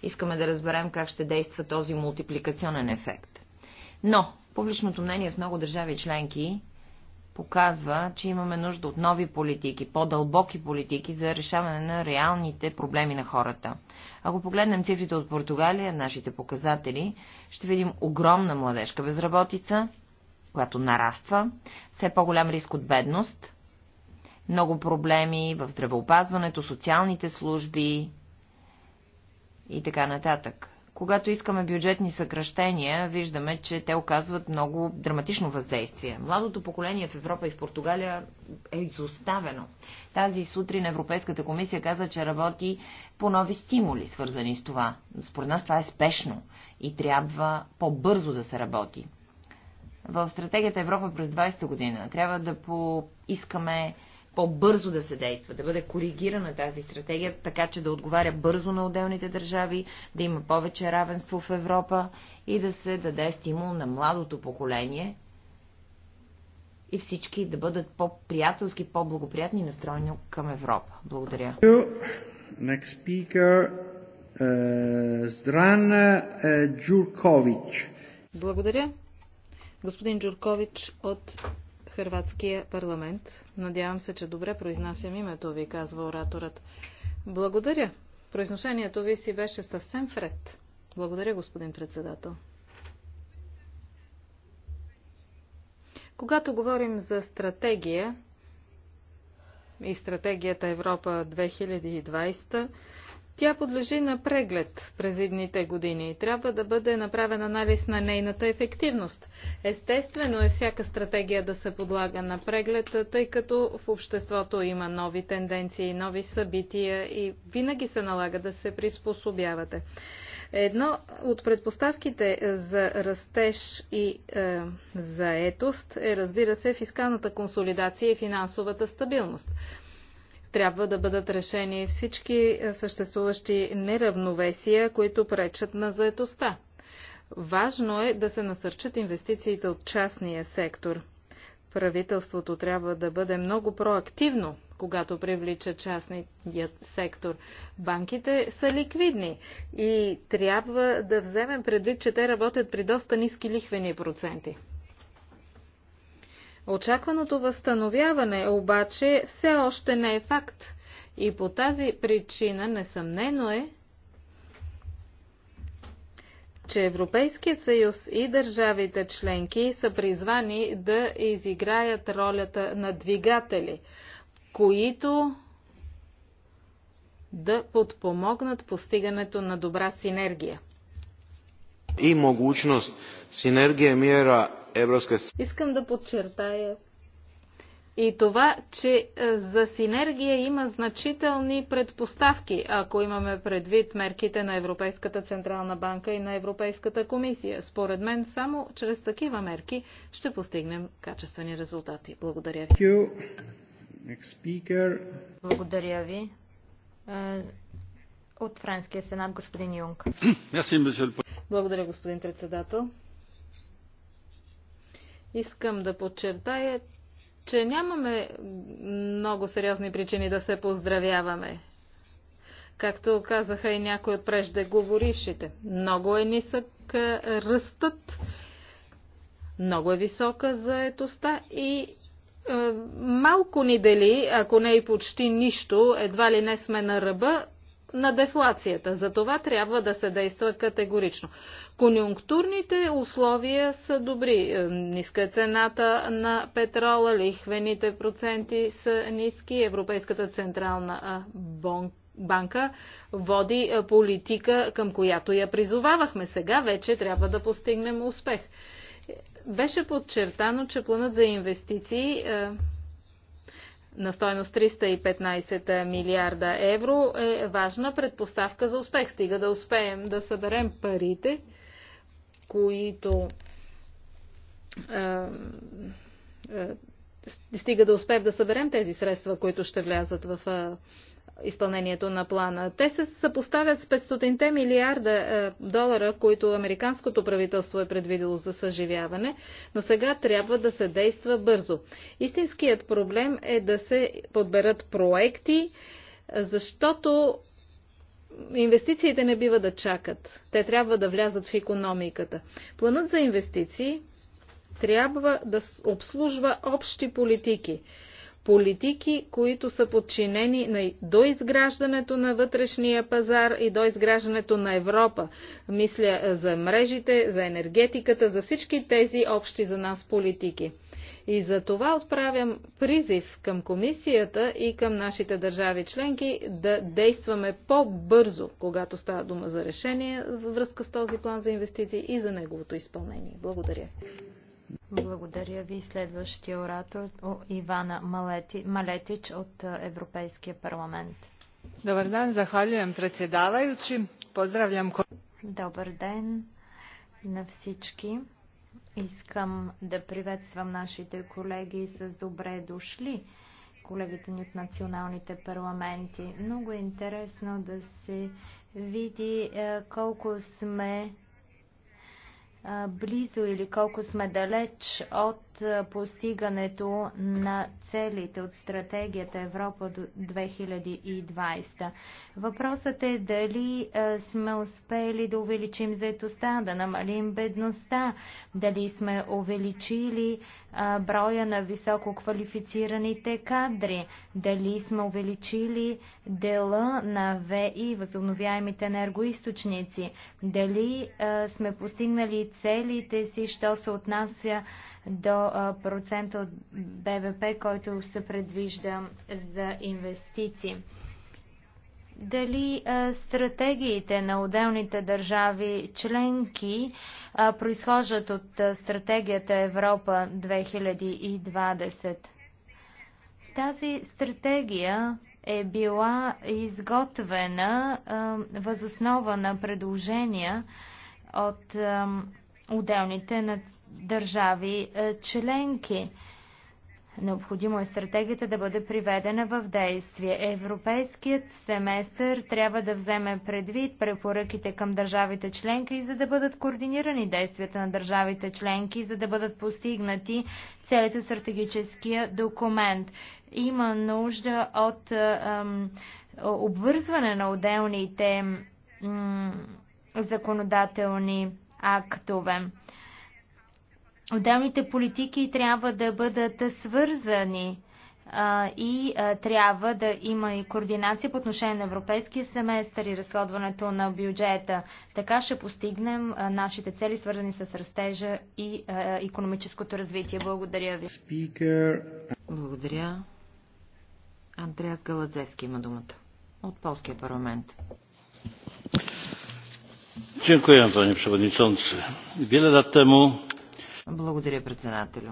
Искаме да разберем как ще действа този мултипликационен ефект. Но публичното мнение в много държави членки показва, че имаме нужда от нови политики, по-дълбоки политики за решаване на реалните проблеми на хората. Ако погледнем цифрите от Португалия, нашите показатели, ще видим огромна младежка безработица, която нараства, все по-голям риск от бедност, много проблеми в здравеопазването, социалните служби и така нататък. Когато искаме бюджетни съкръщения, виждаме, че те оказват много драматично въздействие. Младото поколение в Европа и в Португалия е изоставено. Тази сутрин Европейската комисия каза, че работи по нови стимули, свързани с това. Според нас това е спешно и трябва по-бързо да се работи в стратегията Европа през 20-та година. Трябва да поискаме по-бързо да се действа, да бъде коригирана тази стратегия, така че да отговаря бързо на отделните държави, да има повече равенство в Европа и да се даде стимул на младото поколение и всички да бъдат по-приятелски, по-благоприятни настроени към Европа. Благодаря. Next speaker, Джуркович. Е, е, Благодаря. Господин Джуркович от Хрватския парламент. Надявам се, че добре произнасям името ви, казва ораторът. Благодаря. Произношението ви си беше съвсем вред. Благодаря, господин председател. Когато говорим за стратегия и стратегията Европа 2020, тя подлежи на преглед през едните години и трябва да бъде направен анализ на нейната ефективност. Естествено е всяка стратегия да се подлага на преглед, тъй като в обществото има нови тенденции, нови събития и винаги се налага да се приспособявате. Едно от предпоставките за растеж и е, заетост е, разбира се, фискалната консолидация и финансовата стабилност трябва да бъдат решени всички е, съществуващи неравновесия, които пречат на заетостта. Важно е да се насърчат инвестициите от частния сектор. Правителството трябва да бъде много проактивно, когато привлича частният сектор. Банките са ликвидни и трябва да вземем предвид, че те работят при доста ниски лихвени проценти. Очакваното възстановяване обаче все още не е факт и по тази причина несъмнено е, че Европейският съюз и държавите членки са призвани да изиграят ролята на двигатели, които да подпомогнат постигането на добра синергия. И могучност синергия е мира Европска... Искам да подчертая и това, че е, за синергия има значителни предпоставки, ако имаме предвид мерките на Европейската Централна банка и на Европейската комисия. Според мен, само чрез такива мерки ще постигнем качествени резултати. Благодаря ви. Благодаря ви. Е, от Френския сенат господин Юнг. Благодаря, господин председател. Искам да подчертая, че нямаме много сериозни причини да се поздравяваме. Както казаха и някои от преждеговорившите, много е нисък е, ръстът, много е висока заетостта и е, малко ни дели, ако не и почти нищо, едва ли не сме на ръба на дефлацията. За това трябва да се действа категорично. Конюнктурните условия са добри. Е, ниска е цената на петрола, лихвените проценти са ниски. Европейската централна банка банка води политика, към която я призовавахме. Сега вече трябва да постигнем успех. Беше подчертано, че планът за инвестиции е, на стоеност 315 милиарда евро е важна предпоставка за успех. Стига да успеем да съберем парите, които стига да успеем да съберем тези средства, които ще влязат в изпълнението на плана. Те се съпоставят с 500 милиарда е, долара, които американското правителство е предвидело за съживяване, но сега трябва да се действа бързо. Истинският проблем е да се подберат проекти, защото инвестициите не бива да чакат. Те трябва да влязат в економиката. Планът за инвестиции трябва да обслужва общи политики политики, които са подчинени на, до изграждането на вътрешния пазар и до изграждането на Европа. Мисля е, за мрежите, за енергетиката, за всички тези общи за нас политики. И за това отправям призив към комисията и към нашите държави членки да действаме по-бързо, когато става дума за решение във връзка с този план за инвестиции и за неговото изпълнение. Благодаря. Благодаря ви. Следващия оратор Ивана Малети, Малетич от Европейския парламент. Добър ден, захвалям председаваючи. Поздравям. Добър ден на всички. Искам да приветствам нашите колеги с добре дошли колегите ни от националните парламенти. Много е интересно да се види колко сме близо или колко сме далеч от от постигането на целите от стратегията Европа до 2020. Въпросът е дали сме успели да увеличим заетостта, да намалим бедността, дали сме увеличили броя на високо квалифицираните кадри, дали сме увеличили дела на ВИ, възобновяемите енергоисточници, дали сме постигнали целите си, що се отнася до процента от БВП, който се предвижда за инвестиции. Дали стратегиите на отделните държави членки произхождат от стратегията Европа 2020? Тази стратегия е била изготвена възоснова на предложения от отделните държави е, членки. Необходимо е стратегията да бъде приведена в действие. Европейският семестър трябва да вземе предвид препоръките към държавите членки, за да бъдат координирани действията на държавите членки, за да бъдат постигнати целите стратегическия документ. Има нужда от е, ам, обвързване на отделните ам, законодателни актове отделните политики трябва да бъдат свързани а, и а, трябва да има и координация по отношение на европейския семестър и разходването на бюджета. Така ще постигнем а, нашите цели, свързани с растежа и а, економическото развитие. Благодаря ви. Speaker... Благодаря. Андреас Галадзевски има думата. От Полския парламент. Dziękuję panie przewodniczący. Wiele lat temu благодаря, председателю.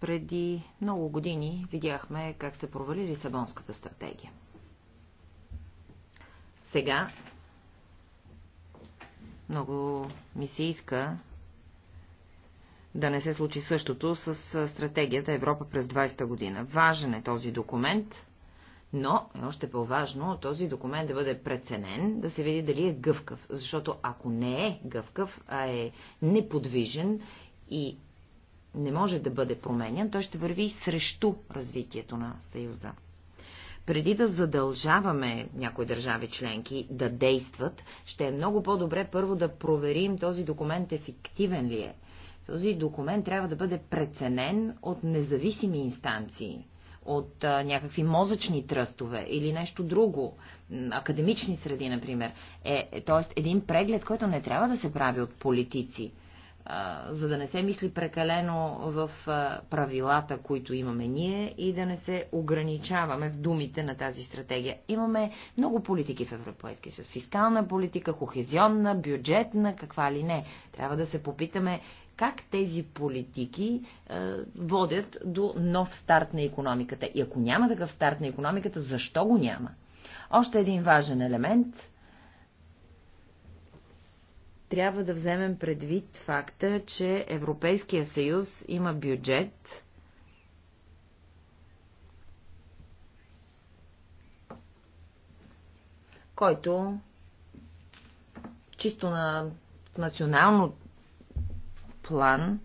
Преди много години видяхме как се провали Лисабонската стратегия. Сега много ми се иска да не се случи същото с стратегията Европа през 20-та година. Важен е този документ, но е още по-важно този документ да бъде преценен, да се види дали е гъвкав. Защото ако не е гъвкав, а е неподвижен и не може да бъде променен, той ще върви срещу развитието на Съюза. Преди да задължаваме някои държави членки да действат, ще е много по-добре първо да проверим този документ ефективен ли е. Този документ трябва да бъде преценен от независими инстанции от а, някакви мозъчни тръстове или нещо друго, академични среди, например. Е, е, Тоест, един преглед, който не трябва да се прави от политици, а, за да не се мисли прекалено в а, правилата, които имаме ние и да не се ограничаваме в думите на тази стратегия. Имаме много политики в Европейския съюз. Фискална политика, кохезионна, бюджетна, каква ли не. Трябва да се попитаме как тези политики е, водят до нов старт на економиката. И ако няма такъв старт на економиката, защо го няма? Още един важен елемент. Трябва да вземем предвид факта, че Европейския съюз има бюджет, който чисто на национално план,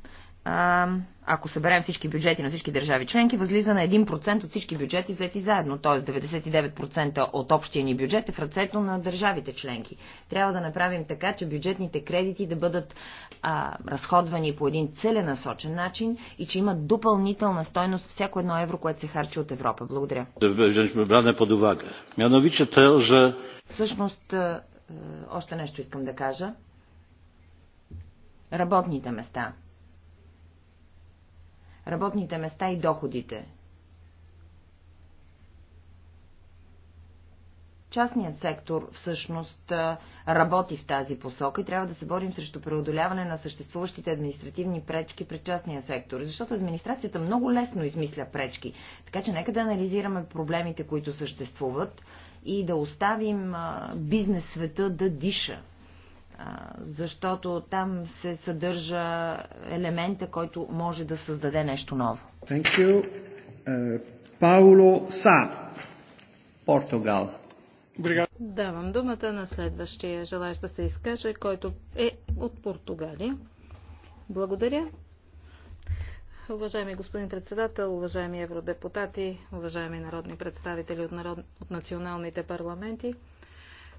ако съберем всички бюджети на всички държави членки, възлиза на 1% от всички бюджети взети заедно, т.е. 99% от общия ни бюджет е в ръцето на държавите членки. Трябва да направим така, че бюджетните кредити да бъдат а, разходвани по един целенасочен начин и че има допълнителна стойност всяко едно евро, което се харчи от Европа. Благодаря. Е, Всъщност, още нещо искам да кажа. Работните места. Работните места и доходите. Частният сектор всъщност работи в тази посока и трябва да се борим срещу преодоляване на съществуващите административни пречки пред частния сектор, защото администрацията много лесно измисля пречки. Така че нека да анализираме проблемите, които съществуват и да оставим бизнес света да диша защото там се съдържа елемента, който може да създаде нещо ново. Thank you. Е, Пауло Са, Португал. Давам думата на следващия желаящ да се изкаже, който е от Португалия. Благодаря. Уважаеми господин председател, уважаеми евродепутати, уважаеми народни представители от, народ... от националните парламенти,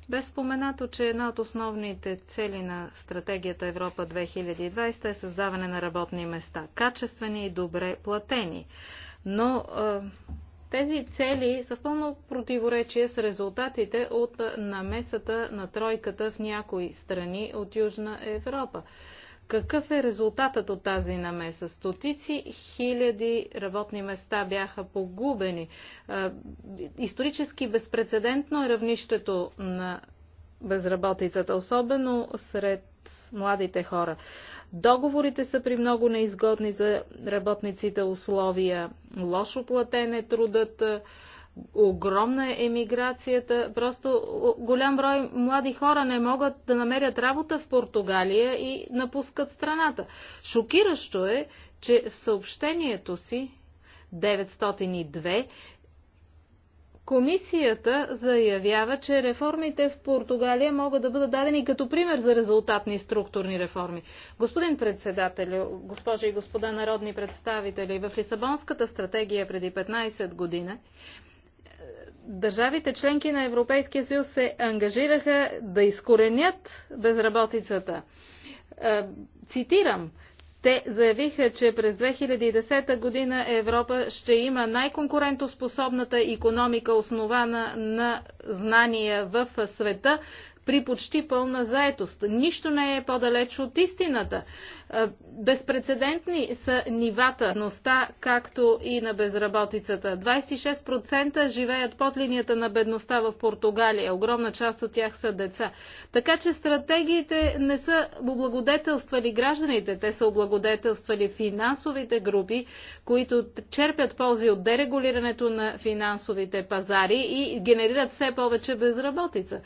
бе споменато, че една от основните цели на стратегията Европа 2020 е създаване на работни места, качествени и добре платени. Но тези цели са в пълно противоречие с резултатите от намесата на тройката в някои страни от Южна Европа. Какъв е резултатът от тази намеса? Стотици хиляди работни места бяха погубени. Исторически безпредседентно е равнището на безработицата, особено сред младите хора. Договорите са при много неизгодни за работниците условия. Лошо платен е трудът огромна е емиграцията. Просто голям брой млади хора не могат да намерят работа в Португалия и напускат страната. Шокиращо е, че в съобщението си 902 Комисията заявява, че реформите в Португалия могат да бъдат дадени като пример за резултатни структурни реформи. Господин председател, госпожи и господа народни представители, в Лисабонската стратегия преди 15 година държавите членки на Европейския съюз се ангажираха да изкоренят безработицата. Е, цитирам, те заявиха, че през 2010 година Европа ще има най-конкурентоспособната економика, основана на знания в света, при почти пълна заетост. Нищо не е по-далеч от истината. Е, безпредседентни са нивата, носта, както и на безработицата. 26% живеят под линията на бедността в Португалия. Огромна част от тях са деца. Така че стратегиите не са облагодетелствали гражданите, те са облагодетелствали финансовите групи, които черпят ползи от дерегулирането на финансовите пазари и генерират все повече безработица.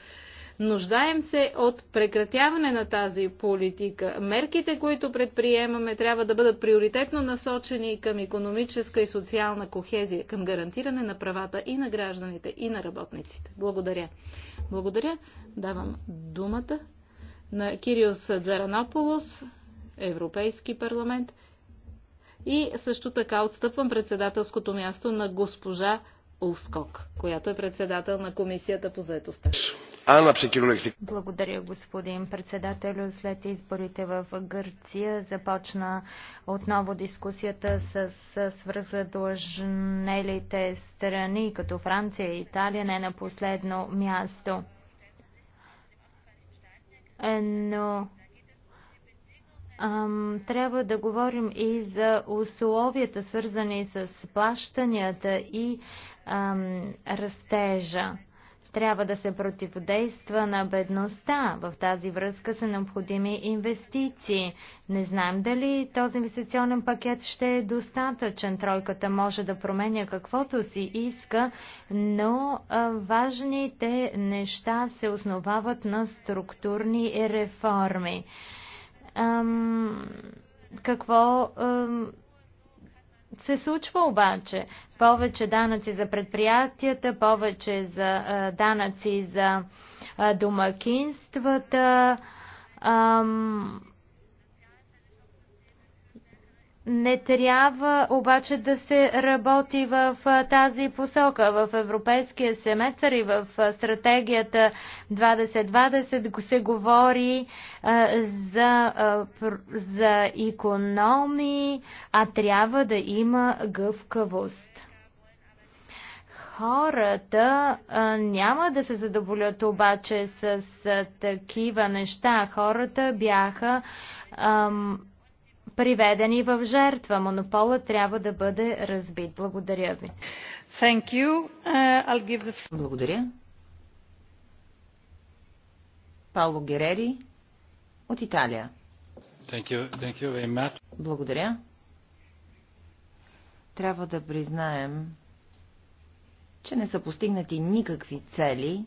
Нуждаем се от прекратяване на тази политика. Мерките, които предприемаме, трябва да бъдат приоритетно насочени към економическа и социална кохезия, към гарантиране на правата и на гражданите, и на работниците. Благодаря. Благодаря. Давам думата на Кириос Дзаранополос, Европейски парламент. И също така отстъпвам председателското място на госпожа Улскок, която е председател на Комисията по заедостта. Благодаря, господин председателю. След изборите в Гърция започна отново дискусията с, с страни, като Франция и Италия не на последно място. Е, но ам, трябва да говорим и за условията, свързани с плащанията и ам, растежа трябва да се противодейства на бедността. В тази връзка са необходими инвестиции. Не знаем дали този инвестиционен пакет ще е достатъчен. Тройката може да променя каквото си иска, но важните неща се основават на структурни реформи. Какво се случва обаче. Повече данъци за предприятията, повече за данъци за домакинствата. Не трябва обаче да се работи в тази посока. В европейския семестър и в стратегията 2020 се говори за, за економии, а трябва да има гъвкавост. Хората а, няма да се задоволят обаче с с такива неща. Хората бяха. Ам, приведени в жертва. Монополът трябва да бъде разбит. Благодаря ви. Thank you. Uh, I'll give the... Благодаря. Пауло Герери от Италия. Thank you. Thank you very much. Благодаря. Трябва да признаем, че не са постигнати никакви цели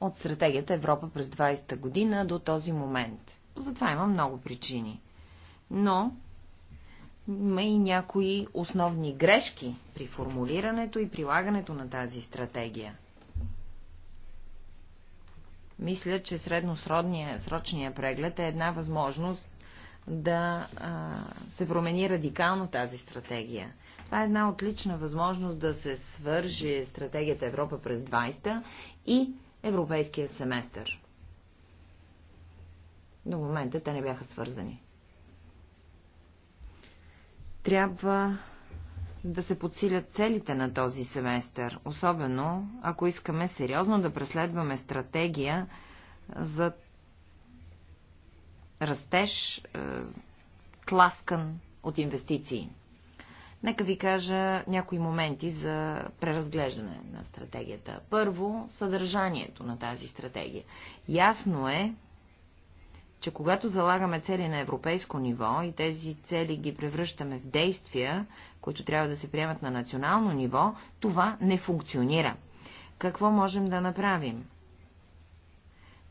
от стратегията Европа през 20-та година до този момент. Затова има много причини но има и някои основни грешки при формулирането и прилагането на тази стратегия. Мисля, че средносрочният преглед е една възможност да а, се промени радикално тази стратегия. Това е една отлична възможност да се свържи стратегията Европа през 20-та и европейския семестър. До момента те не бяха свързани. Трябва да се подсилят целите на този семестър, особено ако искаме сериозно да преследваме стратегия за растеж, е, тласкан от инвестиции. Нека ви кажа някои моменти за преразглеждане на стратегията. Първо, съдържанието на тази стратегия. Ясно е, че когато залагаме цели на европейско ниво и тези цели ги превръщаме в действия, които трябва да се приемат на национално ниво, това не функционира. Какво можем да направим?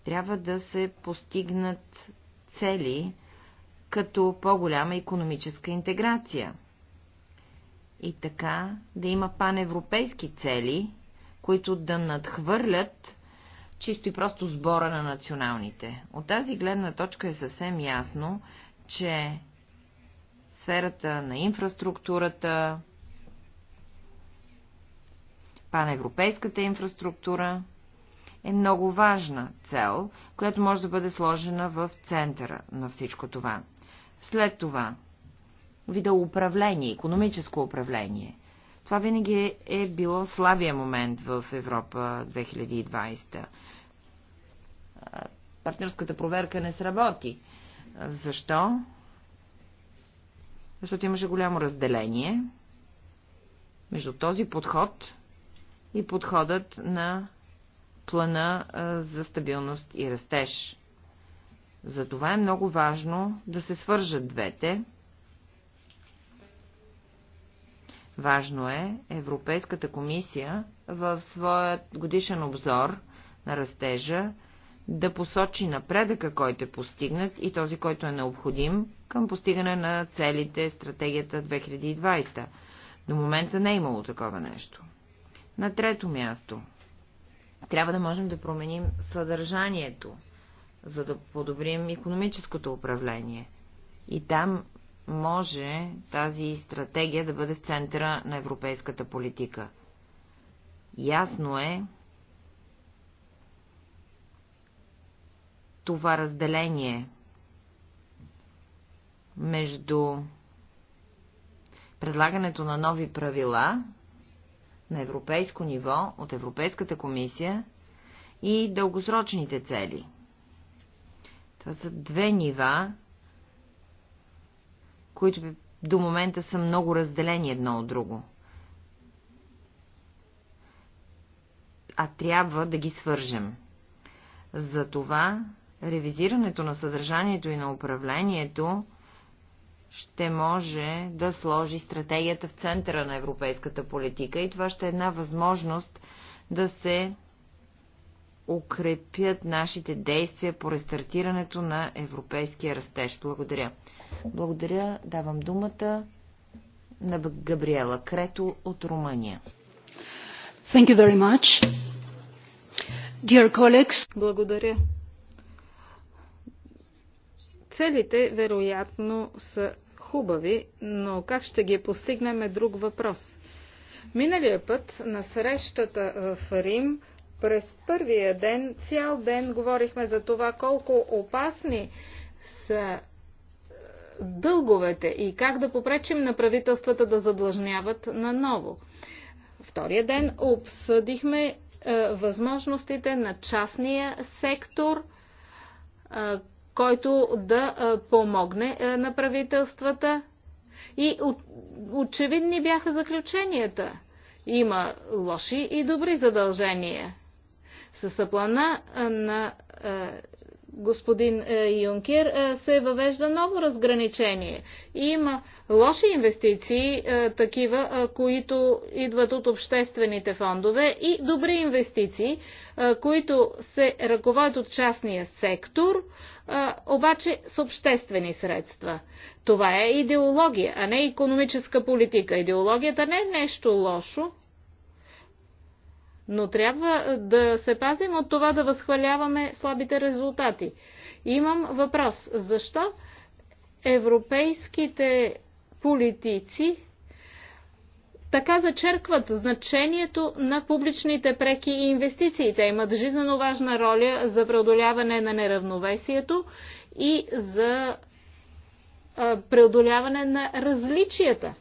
Трябва да се постигнат цели като по-голяма економическа интеграция. И така да има паневропейски цели, които да надхвърлят чисто и просто сбора на националните. От тази гледна точка е съвсем ясно, че сферата на инфраструктурата, паневропейската инфраструктура е много важна цел, която може да бъде сложена в центъра на всичко това. След това, вида управление, економическо управление. Това винаги е, е било слабия момент в Европа 2020. Партньорската проверка не сработи. Защо? Защото имаше голямо разделение между този подход и подходът на плана за стабилност и растеж. Затова е много важно да се свържат двете Важно е Европейската комисия в своят годишен обзор на растежа да посочи напредъка, който е постигнат и този, който е необходим към постигане на целите стратегията 2020. До момента не е имало такова нещо. На трето място. Трябва да можем да променим съдържанието, за да подобрим економическото управление. И там може тази стратегия да бъде в центъра на европейската политика. Ясно е това разделение между предлагането на нови правила на европейско ниво от Европейската комисия и дългосрочните цели. Това са две нива, които до момента са много разделени едно от друго. А трябва да ги свържем. Затова ревизирането на съдържанието и на управлението ще може да сложи стратегията в центъра на европейската политика и това ще е една възможност да се укрепят нашите действия по рестартирането на европейския растеж. Благодаря. Благодаря. Давам думата на Габриела Крето от Румъния. Thank you very much. Dear colleagues. Благодаря. Целите, вероятно, са хубави, но как ще ги постигнем е друг въпрос. Миналия път на срещата в Рим през първия ден, цял ден говорихме за това колко опасни са е, дълговете и как да попречим на правителствата да задлъжняват наново. Втория ден обсъдихме е, възможностите на частния сектор, е, който да е, помогне е, на правителствата. И от, очевидни бяха заключенията. Има лоши и добри задължения. С плана на господин Юнкер, се въвежда ново разграничение. Има лоши инвестиции, такива, които идват от обществените фондове и добри инвестиции, които се ръководят от частния сектор, обаче с обществени средства. Това е идеология, а не економическа политика. Идеологията не е нещо лошо, но трябва да се пазим от това да възхваляваме слабите резултати. Имам въпрос. Защо европейските политици така зачеркват значението на публичните преки и инвестиции. Те имат жизненно важна роля за преодоляване на неравновесието и за преодоляване на различията.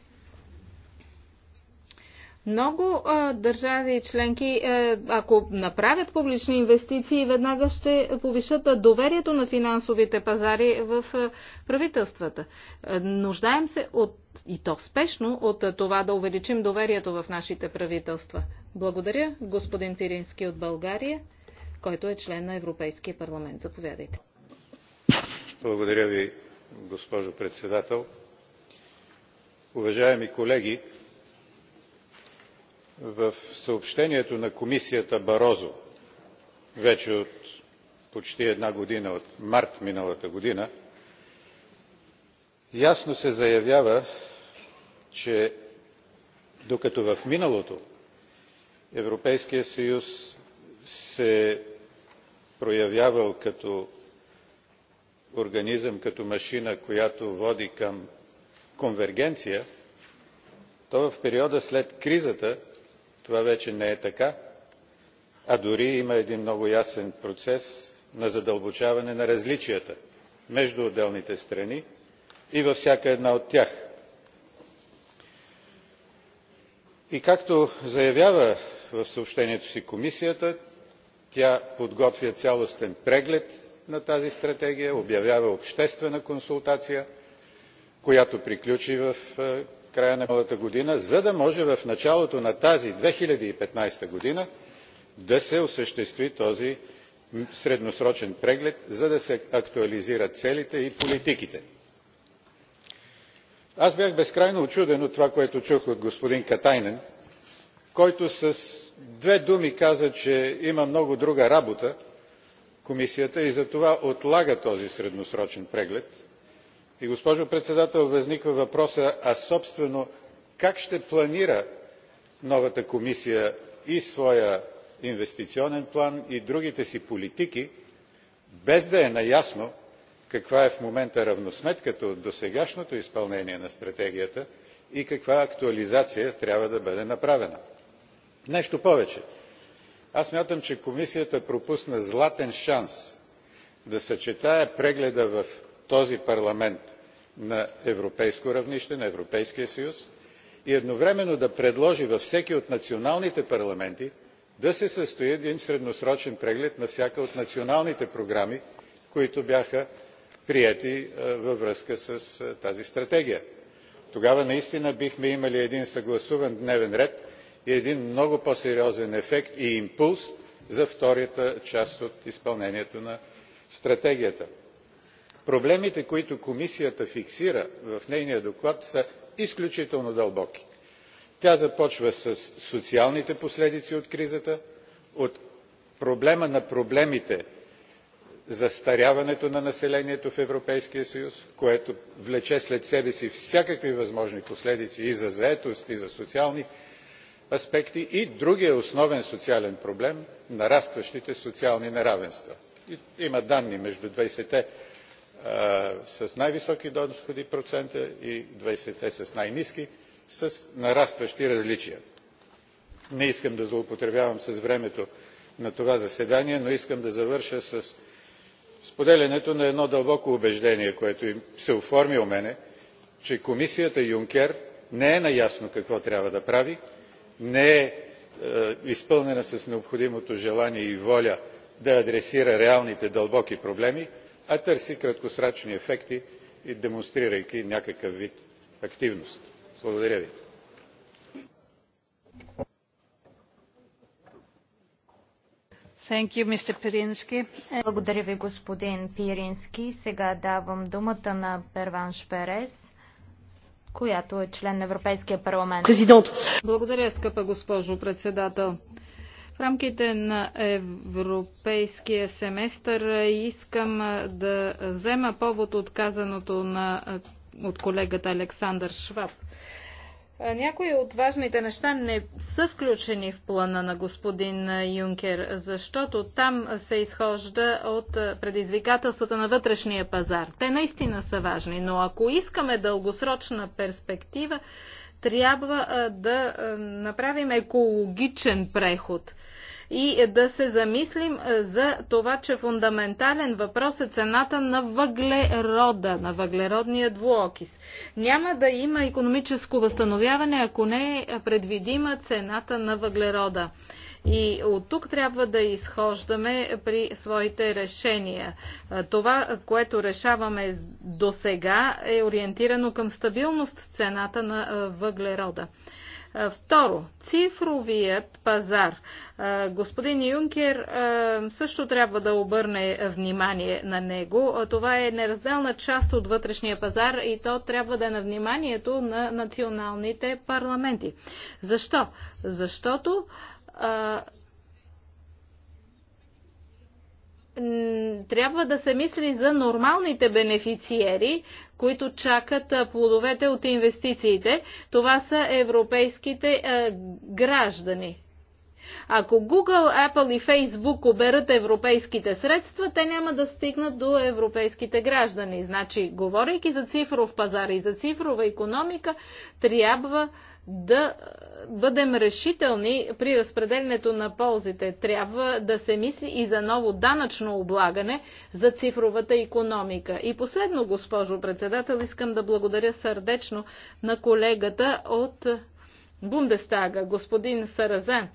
Много а, държави и членки, а, е, ако направят публични инвестиции, веднага ще повишат доверието на финансовите пазари в а, правителствата. А, е, нуждаем се от, и то спешно от а, това да увеличим доверието в нашите правителства. Благодаря, господин Пирински от България, който е член на Европейския парламент. Заповядайте. Благодаря ви, госпожо председател. Уважаеми колеги, в съобщението на комисията барозу вече от почти една година от март миналата година ясно се заявява че докато в миналото европейският съюз се е проявявал като организъм като машина която води към конвергенция то в периода след кризата това вече не е така а дори има един много ясен процес на задълбочаване на различията между отделните страни и във всяка една от тях. и както заявява в съобщението си комисията тя подготвя цялостен преглед на тази стратегия обявява обществена консултация която приключи в е, края на миналата година за да може в началото на тази две хиляди и петнадесета година да се осъществи този средносрочен преглед за да се актуализират целите и политиките. аз бях безкрайно учуден от това което чух от господин катайнен който с две думи каза че има много друга работа комисията и затова отлага този средносрочен преглед госпожо председател възниква въпросът а собствено как ще планира новата комисия и своя инвестиционен план и другите си политики без да е наясно каква е в момента равносметката от досегашното изпълнение на стратегията и каква актуализация трябва да бъде направена? нещо повече аз смятам че комисията пропусна златен шанс да съчетае прегледа в този парламент на европейско равнище на европейския съюз и едновременно да предложи във всеки от националните парламенти да се състои един средносрочен преглед на всяка от националните програми които бяха приети е, във връзка с е, тази стратегия. тогава наистина бихме имали един съгласуван дневен ред и един много по сериозен ефект и импулс за втората част от изпълнението на стратегията проблемите които комисията фиксира в нейния доклад са изключително дълбоки. тя започва със социалните последици от кризата от проблема на проблемите застаряването на населението в европейския съюз което влече след себе си всякакви възможни последици и за заетост и за социални аспекти и другия основен социален проблем нарастващите социални неравенства. има данни между двадесет те с най високи доходи процента и двадесетте с най ниски с нарастващи различия. не искам да злоупотребявам с времето на това заседание но искам да завърша със споделянето на едно дълбоко убеждение което се оформи у мен че комисията юнкер не е наясно какво трябва да прави не е, е изпълнена с необходимото желание и воля да адресира реалните дълбоки проблеми а търси краткосрочни ефекти и демонстрирайки някакъв вид активност. благодаря ви. Благодаря ви, господин Пирински. Сега давам думата на Перван Шперес, която е член на Европейския парламент. Президент. Благодаря, скъпа госпожо председател. В рамките на европейския семестър искам да взема повод от казаното на, от колегата Александър Шваб. Някои от важните неща не са включени в плана на господин Юнкер, защото там се изхожда от предизвикателствата на вътрешния пазар. Те наистина са важни, но ако искаме дългосрочна перспектива, трябва да направим екологичен преход и да се замислим за това, че фундаментален въпрос е цената на въглерода, на въглеродния двуокис. Няма да има економическо възстановяване, ако не е предвидима цената на въглерода. И от тук трябва да изхождаме при своите решения. Това, което решаваме до сега, е ориентирано към стабилност цената на въглерода. Второ, цифровият пазар. Господин Юнкер също трябва да обърне внимание на него. Това е неразделна част от вътрешния пазар и то трябва да е на вниманието на националните парламенти. Защо? Защото трябва да се мисли за нормалните бенефициери, които чакат плодовете от инвестициите. Това са европейските граждани. Ако Google, Apple и Facebook оберат европейските средства, те няма да стигнат до европейските граждани. Значи, говорейки за цифров пазар и за цифрова економика, трябва да бъдем решителни при разпределенето на ползите. Трябва да се мисли и за ново данъчно облагане за цифровата економика. И последно, госпожо председател, искам да благодаря сърдечно на колегата от Бундестага, господин Саразан,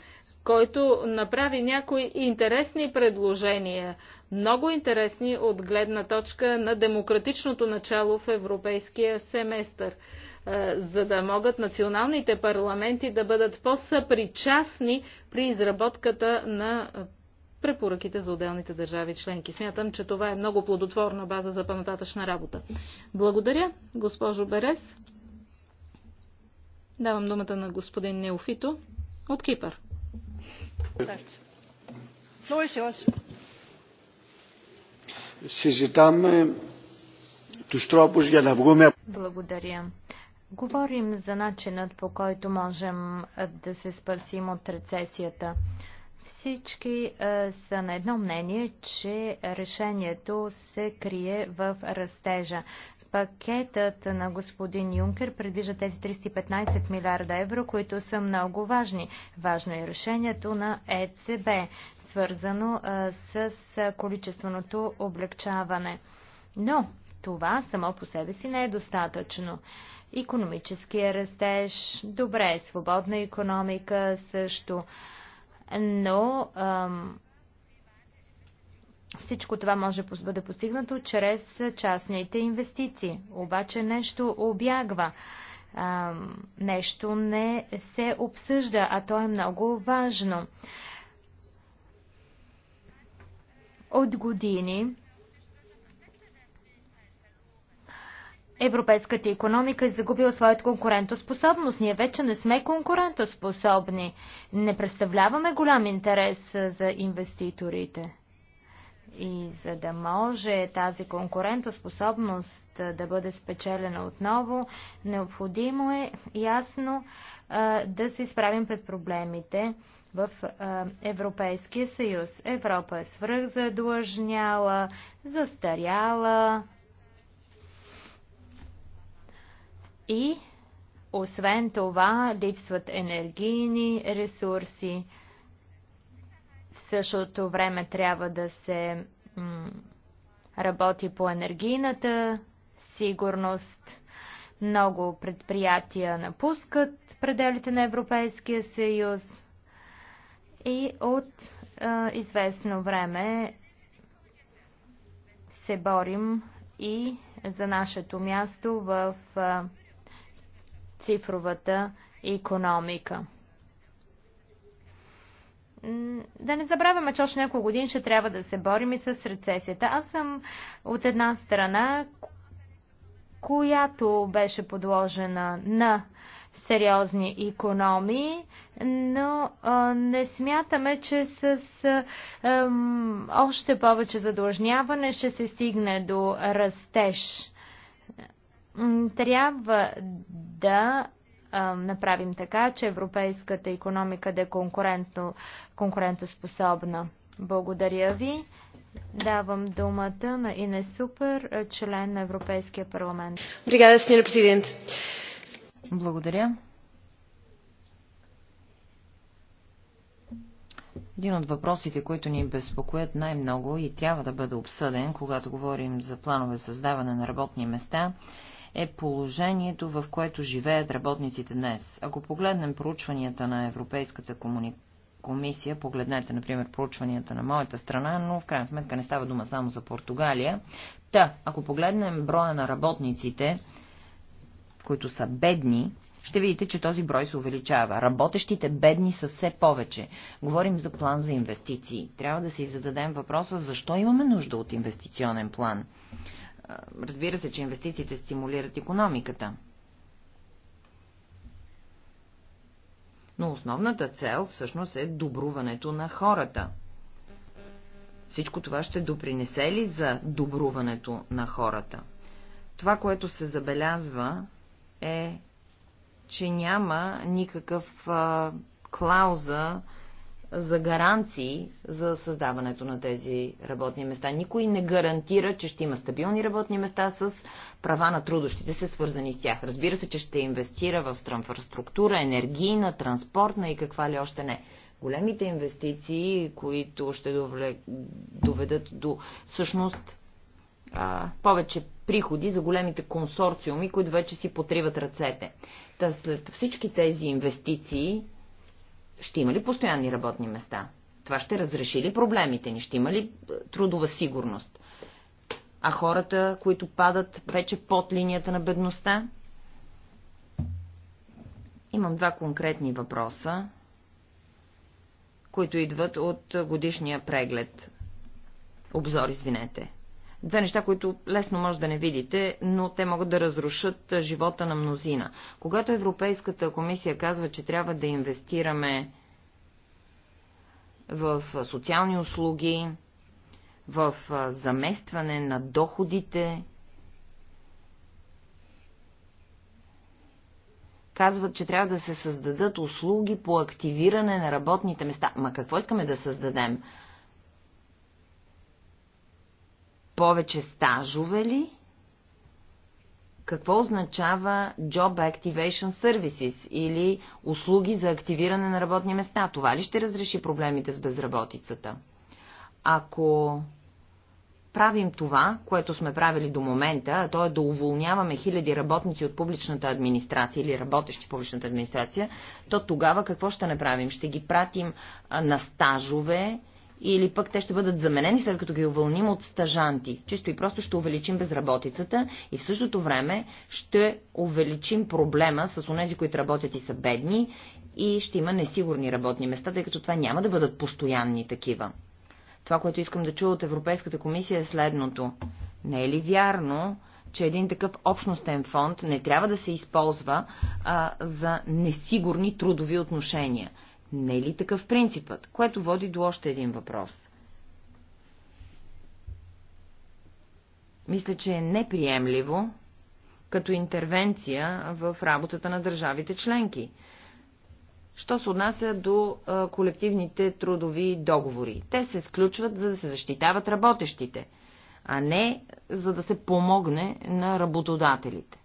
който направи някои интересни предложения, много интересни от гледна точка на демократичното начало в европейския семестър. Е, за да могат националните парламенти да бъдат по-съпричастни при изработката на е, препоръките за отделните държави членки. Смятам, че това е много плодотворна база за панататъчна работа. Благодаря, госпожо Берес. Давам думата на господин Неофито от Кипър. Е Благодаря. Говорим за начинът по който можем да се спасим от рецесията. Всички е, са на едно мнение, че решението се крие в растежа. Пакетът на господин Юнкер предвижда тези 315 милиарда евро, които са много важни. Важно е решението на ЕЦБ, свързано е, с количественото облегчаване. Но това само по себе си не е достатъчно. Економическия растеж, добре, свободна економика също, но ам, всичко това може да бъде постигнато чрез частните инвестиции. Обаче нещо обягва, ам, нещо не се обсъжда, а то е много важно. От години Европейската економика е загубила своята конкурентоспособност. Ние вече не сме конкурентоспособни. Не представляваме голям интерес за инвеститорите. И за да може тази конкурентоспособност да бъде спечелена отново, необходимо е ясно да се изправим пред проблемите в Европейския съюз. Европа е свръхзадлъжняла, застаряла, И освен това липсват енергийни ресурси. В същото време трябва да се работи по енергийната сигурност. Много предприятия напускат пределите на Европейския съюз и от а, известно време се борим и за нашето място в а, цифровата економика. Да не забравяме, че още няколко години ще трябва да се борим и с рецесията. Аз съм от една страна, която беше подложена на сериозни економии, но а, не смятаме, че с а, още повече задлъжняване ще се стигне до растеж. Трябва да направим така, че европейската економика да е конкурентно, конкурентоспособна. Благодаря ви. Давам думата на Ине Супер, член на Европейския парламент. Бригада, сеньор президент. Благодаря. Един от въпросите, които ни безпокоят най-много и трябва да бъде обсъден, когато говорим за планове създаване на работни места, е е положението, в което живеят работниците днес. Ако погледнем проучванията на Европейската комуни... комисия, погледнете, например, проучванията на моята страна, но в крайна сметка не става дума само за Португалия. Та, ако погледнем броя на работниците, които са бедни, ще видите, че този брой се увеличава. Работещите бедни са все повече. Говорим за план за инвестиции. Трябва да си зададем въпроса, защо имаме нужда от инвестиционен план. Разбира се, че инвестициите стимулират економиката. Но основната цел всъщност е добруването на хората. Всичко това ще допринесе ли за добруването на хората? Това, което се забелязва, е, че няма никакъв а, клауза за гаранции за създаването на тези работни места. Никой не гарантира, че ще има стабилни работни места с права на трудощите се, свързани с тях. Разбира се, че ще инвестира в инфраструктура, енергийна, транспортна и каква ли още не. Големите инвестиции, които ще доведат до всъщност повече приходи за големите консорциуми, които вече си потриват ръцете. Та след всички тези инвестиции ще има ли постоянни работни места? Това ще разреши ли проблемите ни? Ще има ли е, трудова сигурност? А хората, които падат вече под линията на бедността? Имам два конкретни въпроса, които идват от е, годишния преглед. Обзор, извинете. Две неща, които лесно може да не видите, но те могат да разрушат живота на мнозина. Когато Европейската комисия казва, че трябва да инвестираме в социални услуги, в заместване на доходите, казват, че трябва да се създадат услуги по активиране на работните места. Ма какво искаме да създадем? повече стажове ли? Какво означава Job Activation Services или услуги за активиране на работни места? Това ли ще разреши проблемите с безработицата? Ако правим това, което сме правили до момента, а то е да уволняваме хиляди работници от публичната администрация или работещи в публичната администрация, то тогава какво ще направим? Ще ги пратим на стажове или пък те ще бъдат заменени след като ги увълним от стажанти. Чисто и просто ще увеличим безработицата и в същото време ще увеличим проблема с онези, които работят и са бедни и ще има несигурни работни места, тъй като това няма да бъдат постоянни такива. Това, което искам да чуя от Европейската комисия е следното. Не е ли вярно, че един такъв общностен фонд не трябва да се използва а, за несигурни трудови отношения? Не е ли такъв принципът, което води до още един въпрос? Мисля, че е неприемливо като интервенция в работата на държавите членки. Що се отнася до а, колективните трудови договори? Те се сключват, за да се защитават работещите, а не за да се помогне на работодателите.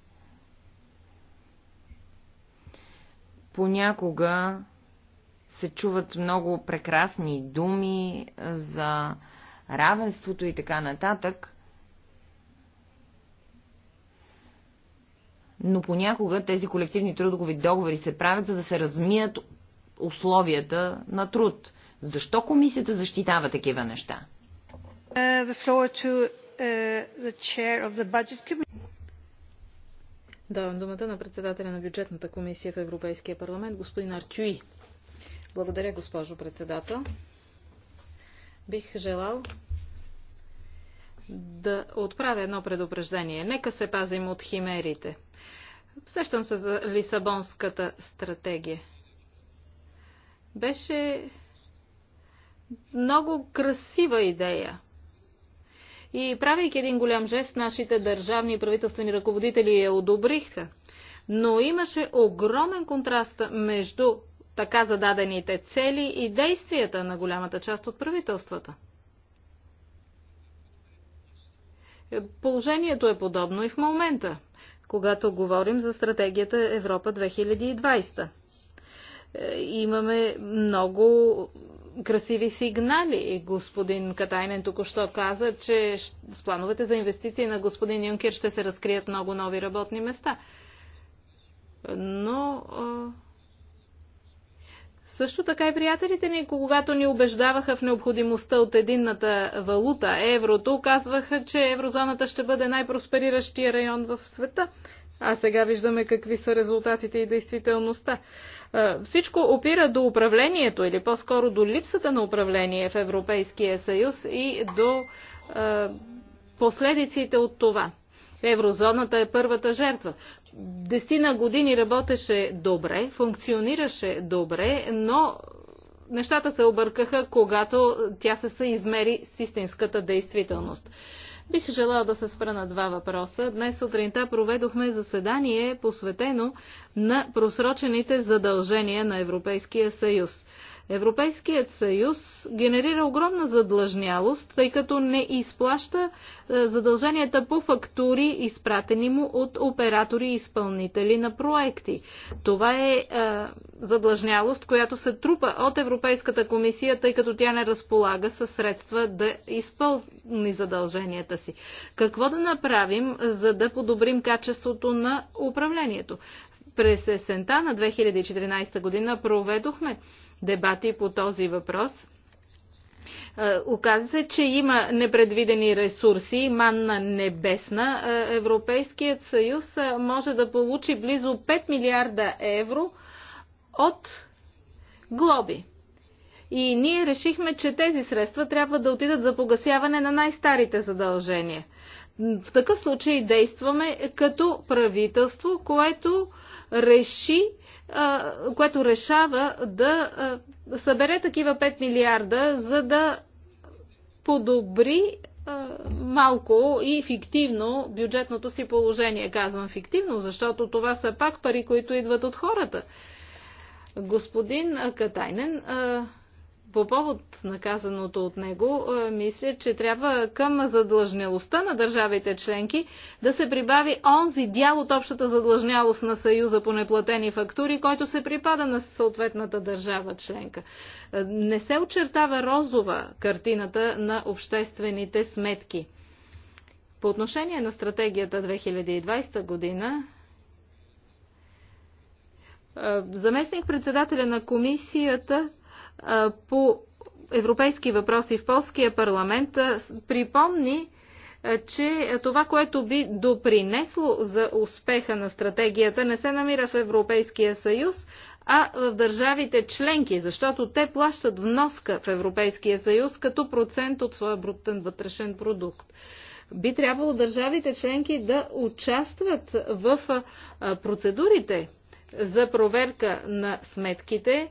Понякога се чуват много прекрасни думи за равенството и така нататък, но понякога тези колективни трудови договори се правят, за да се размият условията на труд. Защо комисията защитава такива неща? Uh, uh, Давам думата на председателя на бюджетната комисия в Европейския парламент, господин Артюи. Благодаря, госпожо председател. Бих желал да отправя едно предупреждение. Нека се пазим от химерите. Сещам се за Лисабонската стратегия. Беше много красива идея. И правейки един голям жест, нашите държавни и правителствени ръководители я одобриха. Но имаше огромен контраст между така зададените цели и действията на голямата част от правителствата. Положението е подобно и в момента, когато говорим за стратегията Европа 2020. Е, имаме много красиви сигнали. Господин Катайнен току-що каза, че с плановете за инвестиции на господин Юнкер ще се разкрият много нови работни места. Но също така и приятелите ни, когато ни убеждаваха в необходимостта от единната валута, еврото, казваха, че еврозоната ще бъде най-проспериращия район в света. А сега виждаме какви са резултатите и действителността. Всичко опира до управлението или по-скоро до липсата на управление в Европейския съюз и до последиците от това еврозоната е първата жертва. Десина години работеше добре, функционираше добре, но нещата се объркаха, когато тя се съизмери с истинската действителност. Бих желал да се спра на два въпроса. Днес сутринта проведохме заседание, посветено на просрочените задължения на Европейския съюз. Европейският съюз генерира огромна задлъжнялост, тъй като не изплаща е, задълженията по фактури, изпратени му от оператори и изпълнители на проекти. Това е, е задлъжнялост, която се трупа от Европейската комисия, тъй като тя не разполага със средства да изпълни задълженията си. Какво да направим, за да подобрим качеството на управлението? През есента на 2014 година проведохме дебати по този въпрос. Оказва се, че има непредвидени ресурси, манна небесна. Европейският съюз може да получи близо 5 милиарда евро от глоби. И ние решихме, че тези средства трябва да отидат за погасяване на най-старите задължения. В такъв случай действаме като правителство, което реши което решава да събере такива 5 милиарда, за да подобри малко и фиктивно бюджетното си положение. Казвам фиктивно, защото това са пак пари, които идват от хората. Господин Катайнен по повод наказаното от него, е, мисля, че трябва към задлъжнялостта на държавите членки да се прибави онзи дял от общата задлъжнялост на Съюза по неплатени фактури, който се припада на съответната държава членка. Е, не се очертава розова картината на обществените сметки. По отношение на стратегията 2020 година, е, заместник председателя на комисията по европейски въпроси в полския парламент припомни, че това, което би допринесло за успеха на стратегията, не се намира в Европейския съюз, а в държавите членки, защото те плащат вноска в Европейския съюз като процент от своя брутен вътрешен продукт. Би трябвало държавите членки да участват в процедурите за проверка на сметките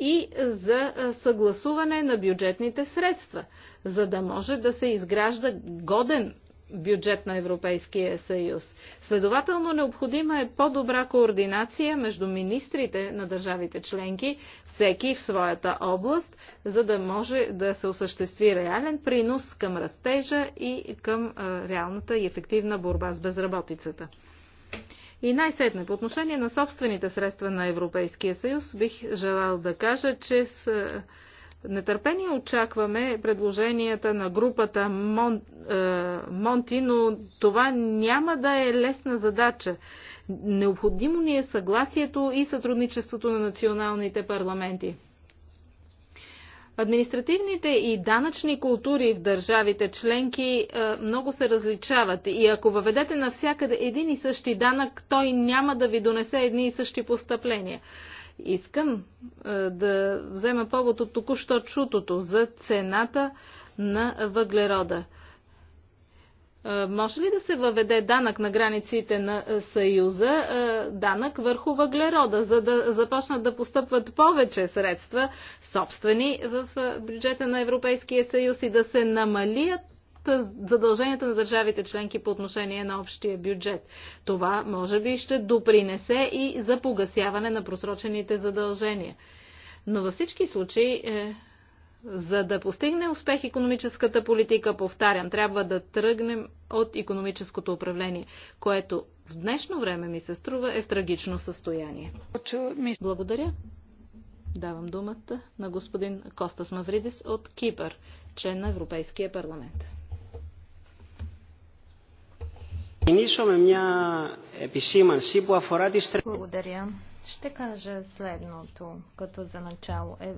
и за съгласуване на бюджетните средства, за да може да се изгражда годен бюджет на Европейския съюз. Следователно необходима е по-добра координация между министрите на държавите членки, всеки в своята област, за да може да се осъществи реален принос към растежа и към реалната и ефективна борба с безработицата. И най-сетне, по отношение на собствените средства на Европейския съюз, бих желал да кажа, че с е, нетърпение очакваме предложенията на групата Мон, е, Монти, но това няма да е лесна задача. Необходимо ни е съгласието и сътрудничеството на националните парламенти. Административните и данъчни култури в държавите членки е, много се различават и ако въведете навсякъде един и същи данък, той няма да ви донесе едни и същи постъпления. Искам е, да взема повод от току-що чутото за цената на въглерода. Е, може ли да се въведе данък на границите на е, Съюза, е, данък върху въглерода, за да започнат да постъпват повече средства, собствени в бюджета на Европейския съюз и да се намалият задълженията на държавите членки по отношение на общия бюджет. Това може би ще допринесе и за погасяване на просрочените задължения. Но във всички случаи за да постигне успех економическата политика, повтарям, трябва да тръгнем от економическото управление, което в днешно време ми се струва е в трагично състояние. Благодаря. Давам думата на господин Костас Мавридис от Кипър, член на Европейския парламент. Благодаря. Ще кажа следното като за начало. Е,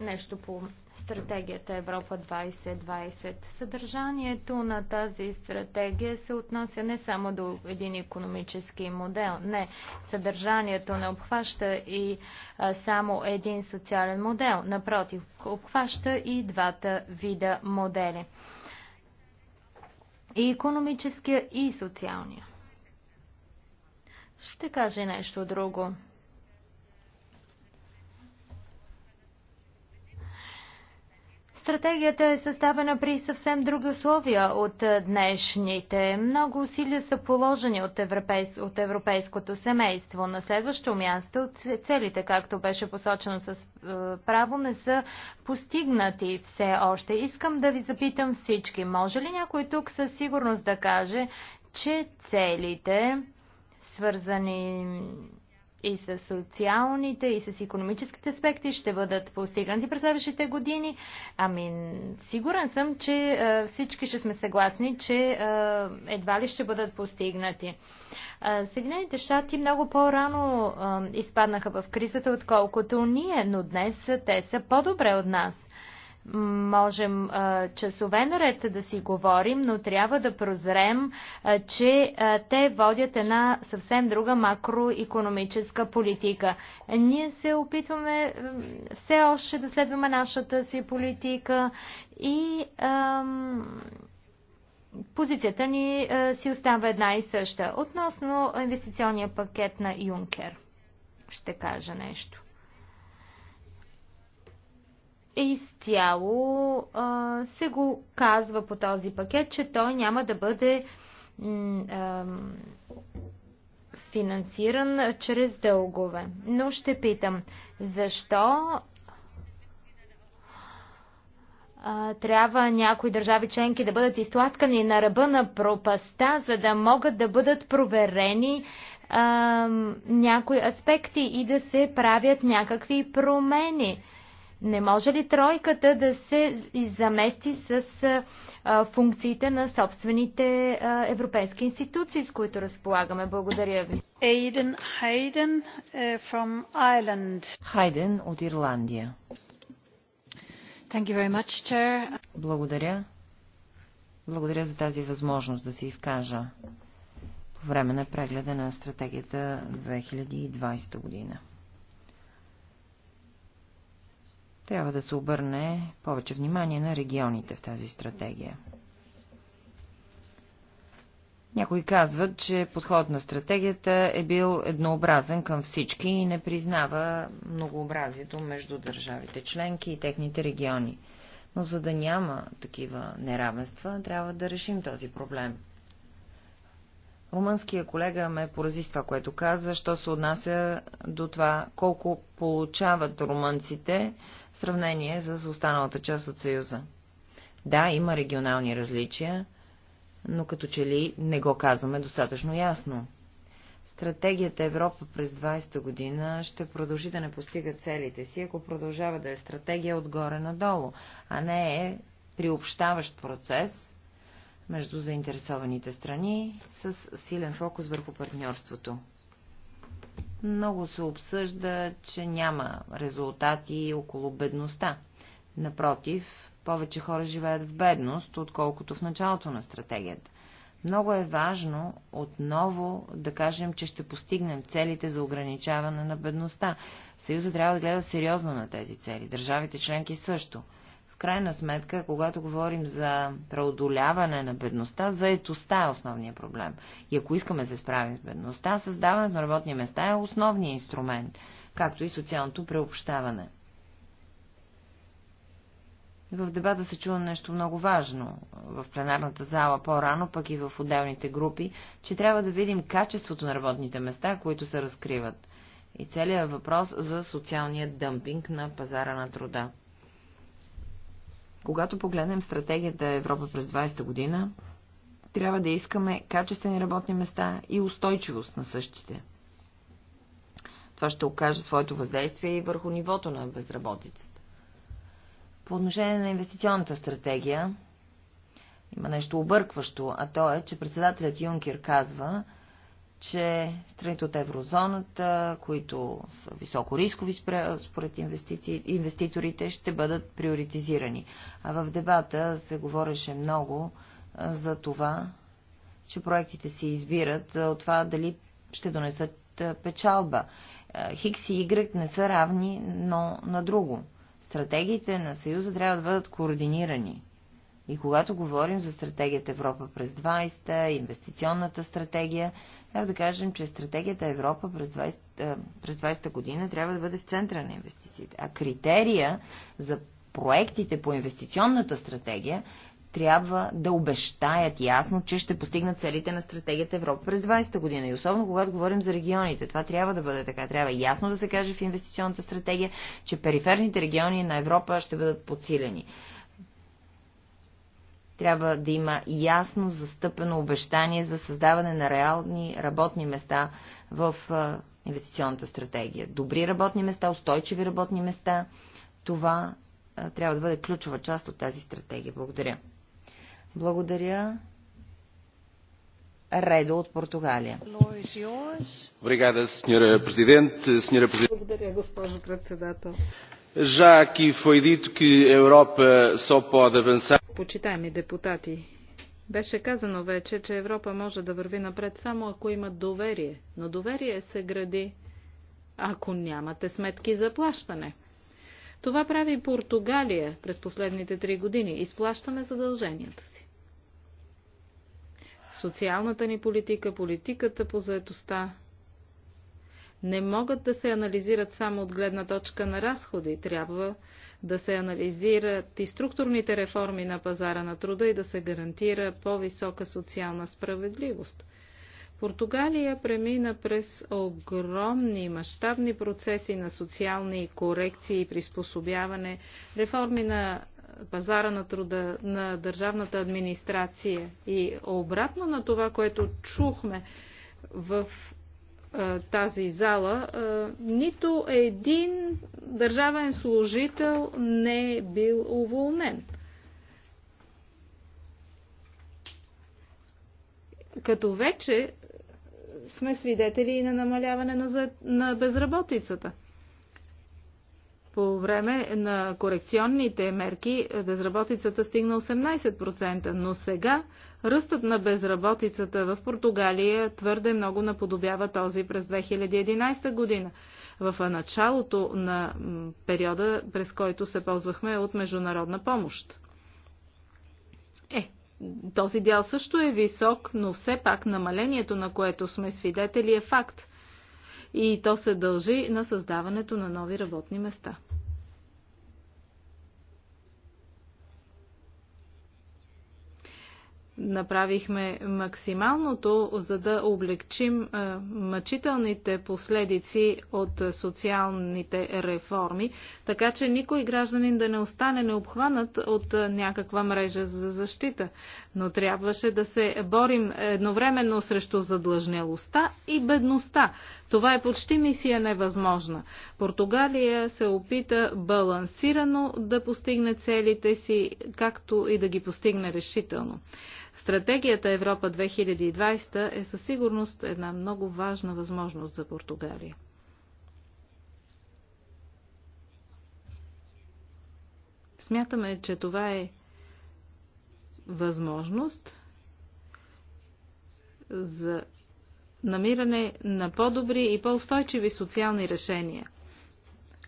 нещо по стратегията Европа 2020. Съдържанието на тази стратегия се отнася не само до един економически модел. Не, съдържанието не обхваща и а, само един социален модел. Напротив, обхваща и двата вида модели. И економическия, и социалния. Ще кажа нещо друго. Стратегията е съставена при съвсем други условия от е, днешните. Много усилия са положени от, европейс... от европейското семейство. На следващо място целите, както беше посочено с е, право, не са постигнати все още. Искам да ви запитам всички. Може ли някой тук със сигурност да каже, че целите, свързани и с социалните, и с економическите аспекти ще бъдат постигнати през следващите години. Ами, сигурен съм, че е, всички ще сме съгласни, че е, едва ли ще бъдат постигнати. Е, Съединените щати много по-рано е, изпаднаха в кризата, отколкото ние, но днес те са по-добре от нас можем часове наред да си говорим, но трябва да прозрем, че те водят една съвсем друга макроекономическа политика. Ние се опитваме все още да следваме нашата си политика и ам, позицията ни а, си остава една и съща. Относно инвестиционния пакет на Юнкер ще кажа нещо. Е изцяло а, се го казва по този пакет, че той няма да бъде а, финансиран чрез дългове. Но ще питам, защо а, трябва някои държави членки да бъдат изтласкани на ръба на пропаста, за да могат да бъдат проверени а, някои аспекти и да се правят някакви промени. Не може ли тройката да се замести с функциите на собствените европейски институции, с които разполагаме? Благодаря ви. Aiden Hayden е, from Ireland. Хайден от Ирландия. Thank you very much, Chair. Благодаря. Благодаря за тази възможност да се изкажа по време на прегледа на стратегията 2020 година. Трябва да се обърне повече внимание на регионите в тази стратегия. Някои казват, че подход на стратегията е бил еднообразен към всички и не признава многообразието между държавите членки и техните региони. Но за да няма такива неравенства, трябва да решим този проблем. Румънския колега ме порази с това, което каза, що се отнася до това колко получават румънците в сравнение с останалата част от Съюза. Да, има регионални различия, но като че ли не го казваме достатъчно ясно. Стратегията Европа през 20-та година ще продължи да не постига целите си, ако продължава да е стратегия отгоре надолу, а не е приобщаващ процес между заинтересованите страни с силен фокус върху партньорството. Много се обсъжда, че няма резултати около бедността. Напротив, повече хора живеят в бедност, отколкото в началото на стратегията. Много е важно отново да кажем, че ще постигнем целите за ограничаване на бедността. Съюза трябва да гледа сериозно на тези цели. Държавите членки също. В крайна сметка, когато говорим за преодоляване на бедността, заетостта е основният проблем. И ако искаме да се справим с бедността, създаването на работни места е основният инструмент, както и социалното преобщаване. В дебата се чува нещо много важно в пленарната зала по-рано, пък и в отделните групи, че трябва да видим качеството на работните места, които се разкриват. И целият въпрос за социалния дъмпинг на пазара на труда. Когато погледнем стратегията Европа през 20-та година, трябва да искаме качествени работни места и устойчивост на същите. Това ще окаже своето въздействие и върху нивото на безработицата. По отношение на инвестиционната стратегия, има нещо объркващо, а то е, че председателят Юнкер казва, че страните от еврозоната, които са високо рискови според инвестици... инвеститорите, ще бъдат приоритизирани. А в дебата се говореше много за това, че проектите се избират от това дали ще донесат печалба. Хикс и Y не са равни, но на друго. Стратегиите на Съюза трябва да бъдат координирани – и когато говорим за стратегията Европа през 20-та, инвестиционната стратегия, трябва да кажем, че стратегията Европа през 20-та, през 20 година трябва да бъде в центъра на инвестициите. А критерия за проектите по инвестиционната стратегия трябва да обещаят ясно, че ще постигнат целите на стратегията Европа през 20-та година. И особено когато говорим за регионите, това трябва да бъде така. Трябва ясно да се каже в инвестиционната стратегия, че периферните региони на Европа ще бъдат подсилени. Трябва да има ясно застъпено обещание за създаване на реални работни места в инвестиционната стратегия. Добри работни места, устойчиви работни места, това трябва да бъде ключова част от тази стратегия. Благодаря. Благодаря. Редо от Португалия. Благодаря, госпожо председател. Já aqui foi dito que a Europa só pode avançar почитаеми депутати, беше казано вече, че Европа може да върви напред само ако има доверие, но доверие се гради, ако нямате сметки за плащане. Това прави Португалия през последните три години. Изплащаме задълженията си. Социалната ни политика, политиката по заетостта не могат да се анализират само от гледна точка на разходи. Трябва да се анализират и структурните реформи на пазара на труда и да се гарантира по-висока социална справедливост. Португалия премина през огромни мащабни процеси на социални корекции и приспособяване, реформи на пазара на труда, на държавната администрация. И обратно на това, което чухме в е, тази зала, е, нито един държавен служител не е бил уволнен. Като вече сме свидетели и на намаляване на, на безработицата – по време на корекционните мерки безработицата стигна 18%, но сега ръстът на безработицата в Португалия твърде много наподобява този през 2011 година. В началото на периода, през който се ползвахме от международна помощ. Е, този дял също е висок, но все пак намалението, на което сме свидетели, е факт – и то се дължи на създаването на нови работни места. направихме максималното, за да облегчим е, мъчителните последици от социалните реформи, така че никой гражданин да не остане необхванат от е, някаква мрежа за защита. Но трябваше да се борим едновременно срещу задлъжнелостта и бедността. Това е почти мисия невъзможна. Португалия се опита балансирано да постигне целите си, както и да ги постигне решително. Стратегията Европа 2020 е със сигурност една много важна възможност за Португалия. Смятаме, че това е възможност за намиране на по-добри и по-устойчиви социални решения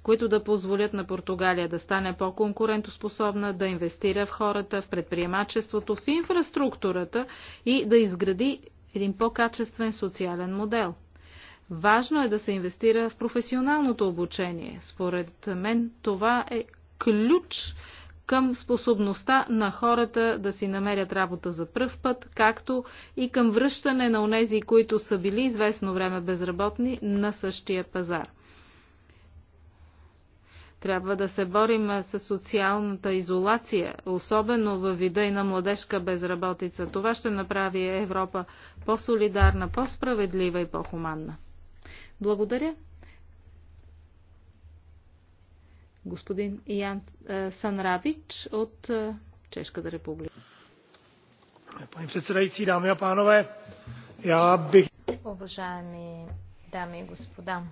които да позволят на Португалия да стане по-конкурентоспособна, да инвестира в хората, в предприемачеството, в инфраструктурата и да изгради един по-качествен социален модел. Важно е да се инвестира в професионалното обучение. Според мен това е ключ към способността на хората да си намерят работа за пръв път, както и към връщане на онези, които са били известно време безработни на същия пазар. Трябва да се борим с социалната изолация, особено във вида и на младежка безработица. Това ще направи Европа по-солидарна, по-справедлива и по-хуманна. Благодаря. Господин Ян Санравич от Чешката република. Пани председající, дами и панове, я бих... Уважаеми дами и господа,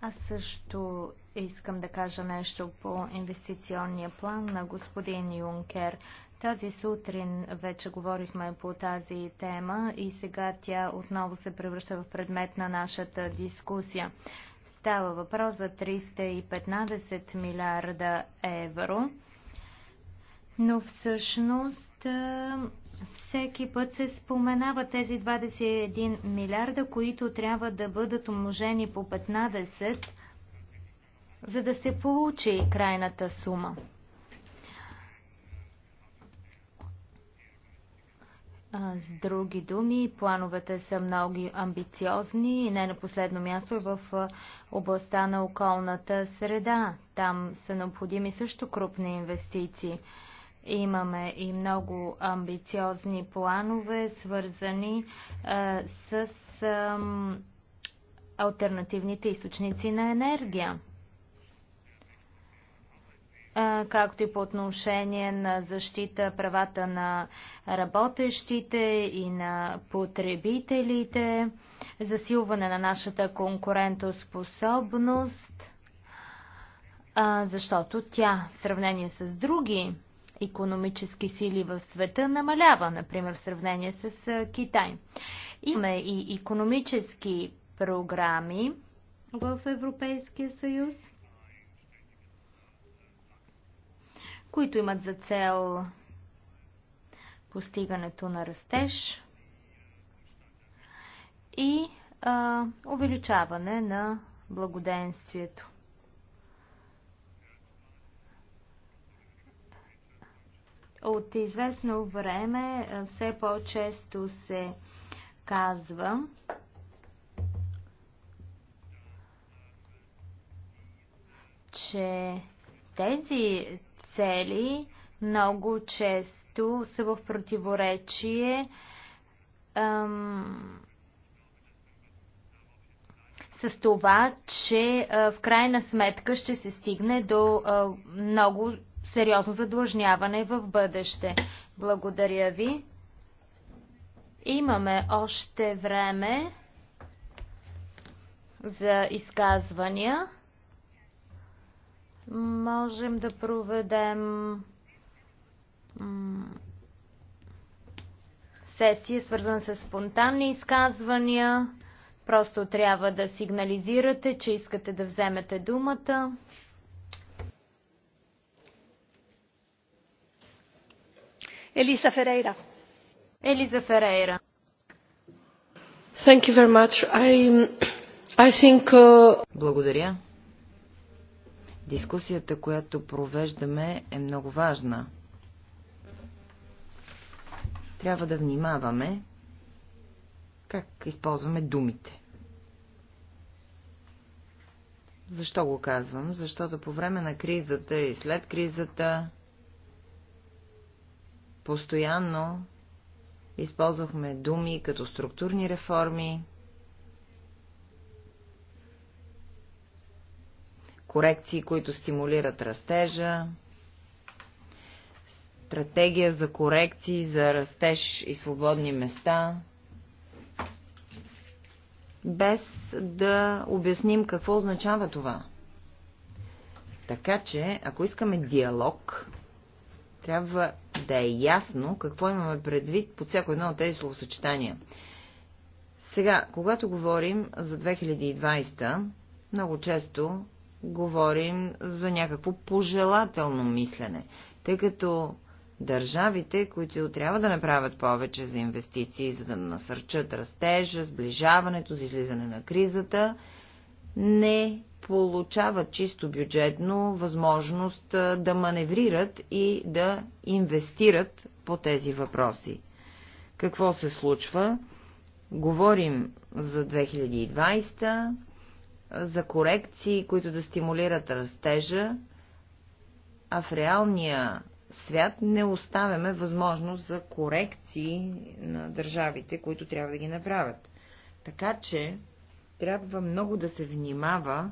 Аз също искам да кажа нещо по инвестиционния план на господин Юнкер. Тази сутрин вече говорихме по тази тема и сега тя отново се превръща в предмет на нашата дискусия. Става въпрос за 315 милиарда евро, но всъщност всеки път се споменава тези 21 милиарда, които трябва да бъдат умножени по 15, за да се получи крайната сума. С други думи, плановете са много амбициозни и не на последно място е в областта на околната среда. Там са необходими също крупни инвестиции. Имаме и много амбициозни планове, свързани е, с альтернативните източници на енергия е, както и по отношение на защита правата на работещите и на потребителите, засилване на нашата конкурентоспособност, е, защото тя в сравнение с други економически сили в света намалява, например, в сравнение с Китай. Има и економически програми в Европейския съюз, които имат за цел постигането на растеж и а, увеличаване на благоденствието. От известно време е, все по-често се казва, че тези цели много често са в противоречие ам, с това, че а, в крайна сметка ще се стигне до а, много сериозно задлъжняване в бъдеще. Благодаря ви. Имаме още време за изказвания. Можем да проведем сесия, свързана с спонтанни изказвания. Просто трябва да сигнализирате, че искате да вземете думата. elisa Ферейра. Елиза Ферейра. Thank you very much. I, I think, uh... Благодаря. Дискусията, която провеждаме, е много важна. Трябва да внимаваме как използваме думите. Защо го казвам? Защото по време на кризата и след кризата Постоянно използвахме думи като структурни реформи, корекции, които стимулират растежа, стратегия за корекции, за растеж и свободни места, без да обясним какво означава това. Така че, ако искаме диалог, трябва да е ясно какво имаме предвид по всяко едно от тези словосъчетания. Сега, когато говорим за 2020, много често говорим за някакво пожелателно мислене, тъй като държавите, които трябва да направят повече за инвестиции, за да насърчат растежа, сближаването, за излизане на кризата, не Получават чисто бюджетно възможност да маневрират и да инвестират по тези въпроси. Какво се случва? Говорим за 2020, за корекции, които да стимулират растежа, а в реалния свят не оставяме възможност за корекции на държавите, които трябва да ги направят. Така че трябва много да се внимава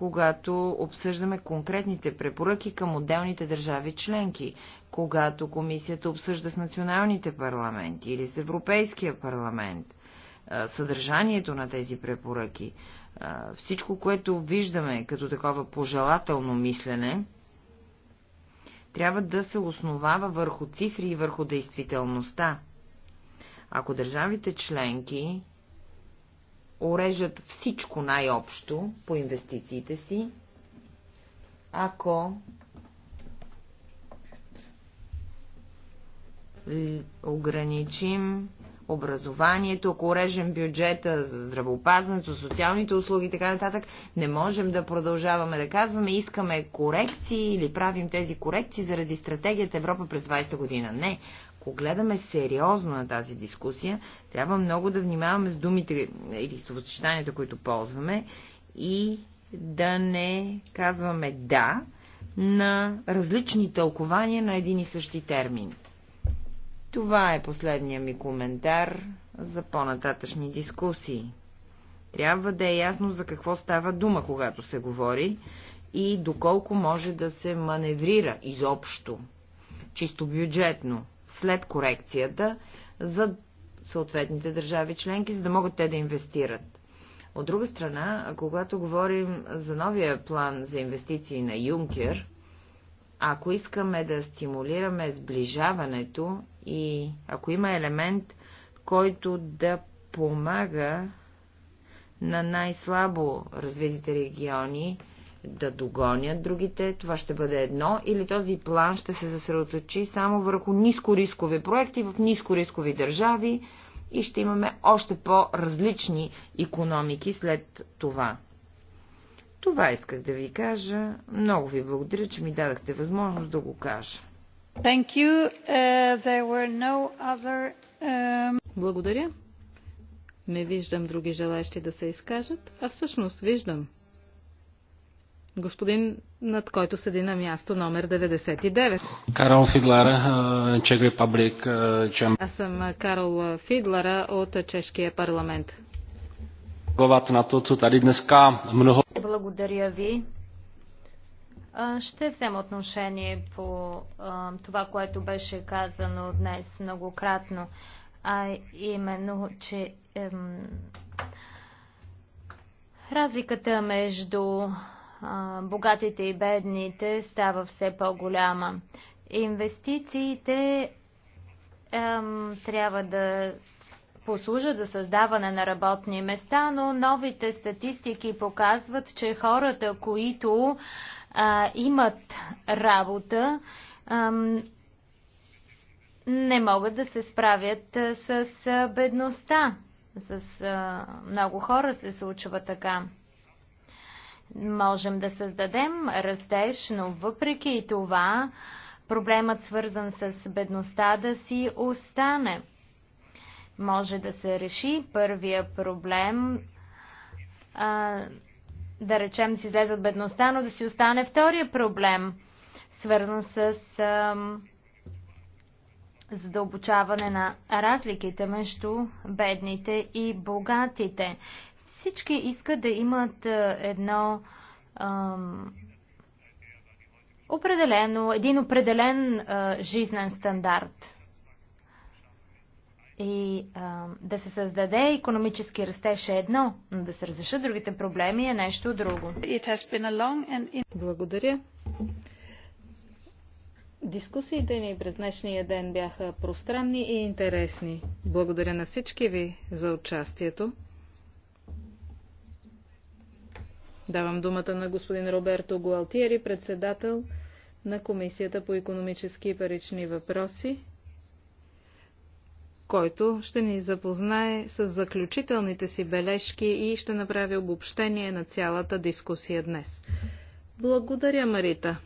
когато обсъждаме конкретните препоръки към отделните държави членки, когато комисията обсъжда с националните парламенти или с Европейския парламент съдържанието на тези препоръки, всичко, което виждаме като такова пожелателно мислене, трябва да се основава върху цифри и върху действителността. Ако държавите членки урежат всичко най-общо по инвестициите си, ако ограничим образованието, ако режем бюджета за здравеопазването, социалните услуги и така нататък, не можем да продължаваме да казваме, искаме корекции или правим тези корекции заради стратегията Европа през 20-та година. Не ако гледаме сериозно на тази дискусия, трябва много да внимаваме с думите или с съчетанията, които ползваме и да не казваме да на различни тълкования на един и същи термин. Това е последния ми коментар за по-нататъчни дискусии. Трябва да е ясно за какво става дума, когато се говори и доколко може да се маневрира изобщо, чисто бюджетно, след корекцията за съответните държави членки, за да могат те да инвестират. От друга страна, когато говорим за новия план за инвестиции на Юнкер, ако искаме да стимулираме сближаването и ако има елемент, който да помага на най-слабо развитите региони да догонят другите, това ще бъде едно, или този план ще се съсредоточи само върху нискорискови проекти в нискорискови държави и ще имаме още по-различни економики след това. Това исках да ви кажа. Много ви благодаря, че ми дадахте възможност да го кажа. Thank you. Uh, there were no other, um... Благодаря. Не виждам други желащи да се изкажат, а всъщност виждам Господин, над който седи на място номер 99. Карол Фидлара, Чех Републик. Чем... Аз съм Карол Фидлара от Чешкия парламент. Благодаря ви. Ще взема отношение по това, което беше казано днес многократно, а именно, че ем, разликата между богатите и бедните става все по-голяма. Инвестициите ем, трябва да послужат за създаване на работни места, но новите статистики показват, че хората, които а, имат работа, ем, не могат да се справят с бедността. С а, много хора се случва така можем да създадем растеж, но въпреки това проблемът свързан с бедността да си остане. Може да се реши първия проблем, а, да речем си излезе от бедността, но да си остане втория проблем, свързан с а, задълбочаване на разликите между бедните и богатите. Всички искат да имат едно ам, определено, един определен а, жизнен стандарт и а, да се създаде економически растеж е едно, но да се разрешат другите проблеми е нещо друго. And... Благодаря. Дискусиите ни през днешния ден бяха пространни и интересни. Благодаря на всички ви за участието. Давам думата на господин Роберто Гуалтиери, председател на Комисията по економически и парични въпроси, който ще ни запознае с заключителните си бележки и ще направи обобщение на цялата дискусия днес. Благодаря, Марита.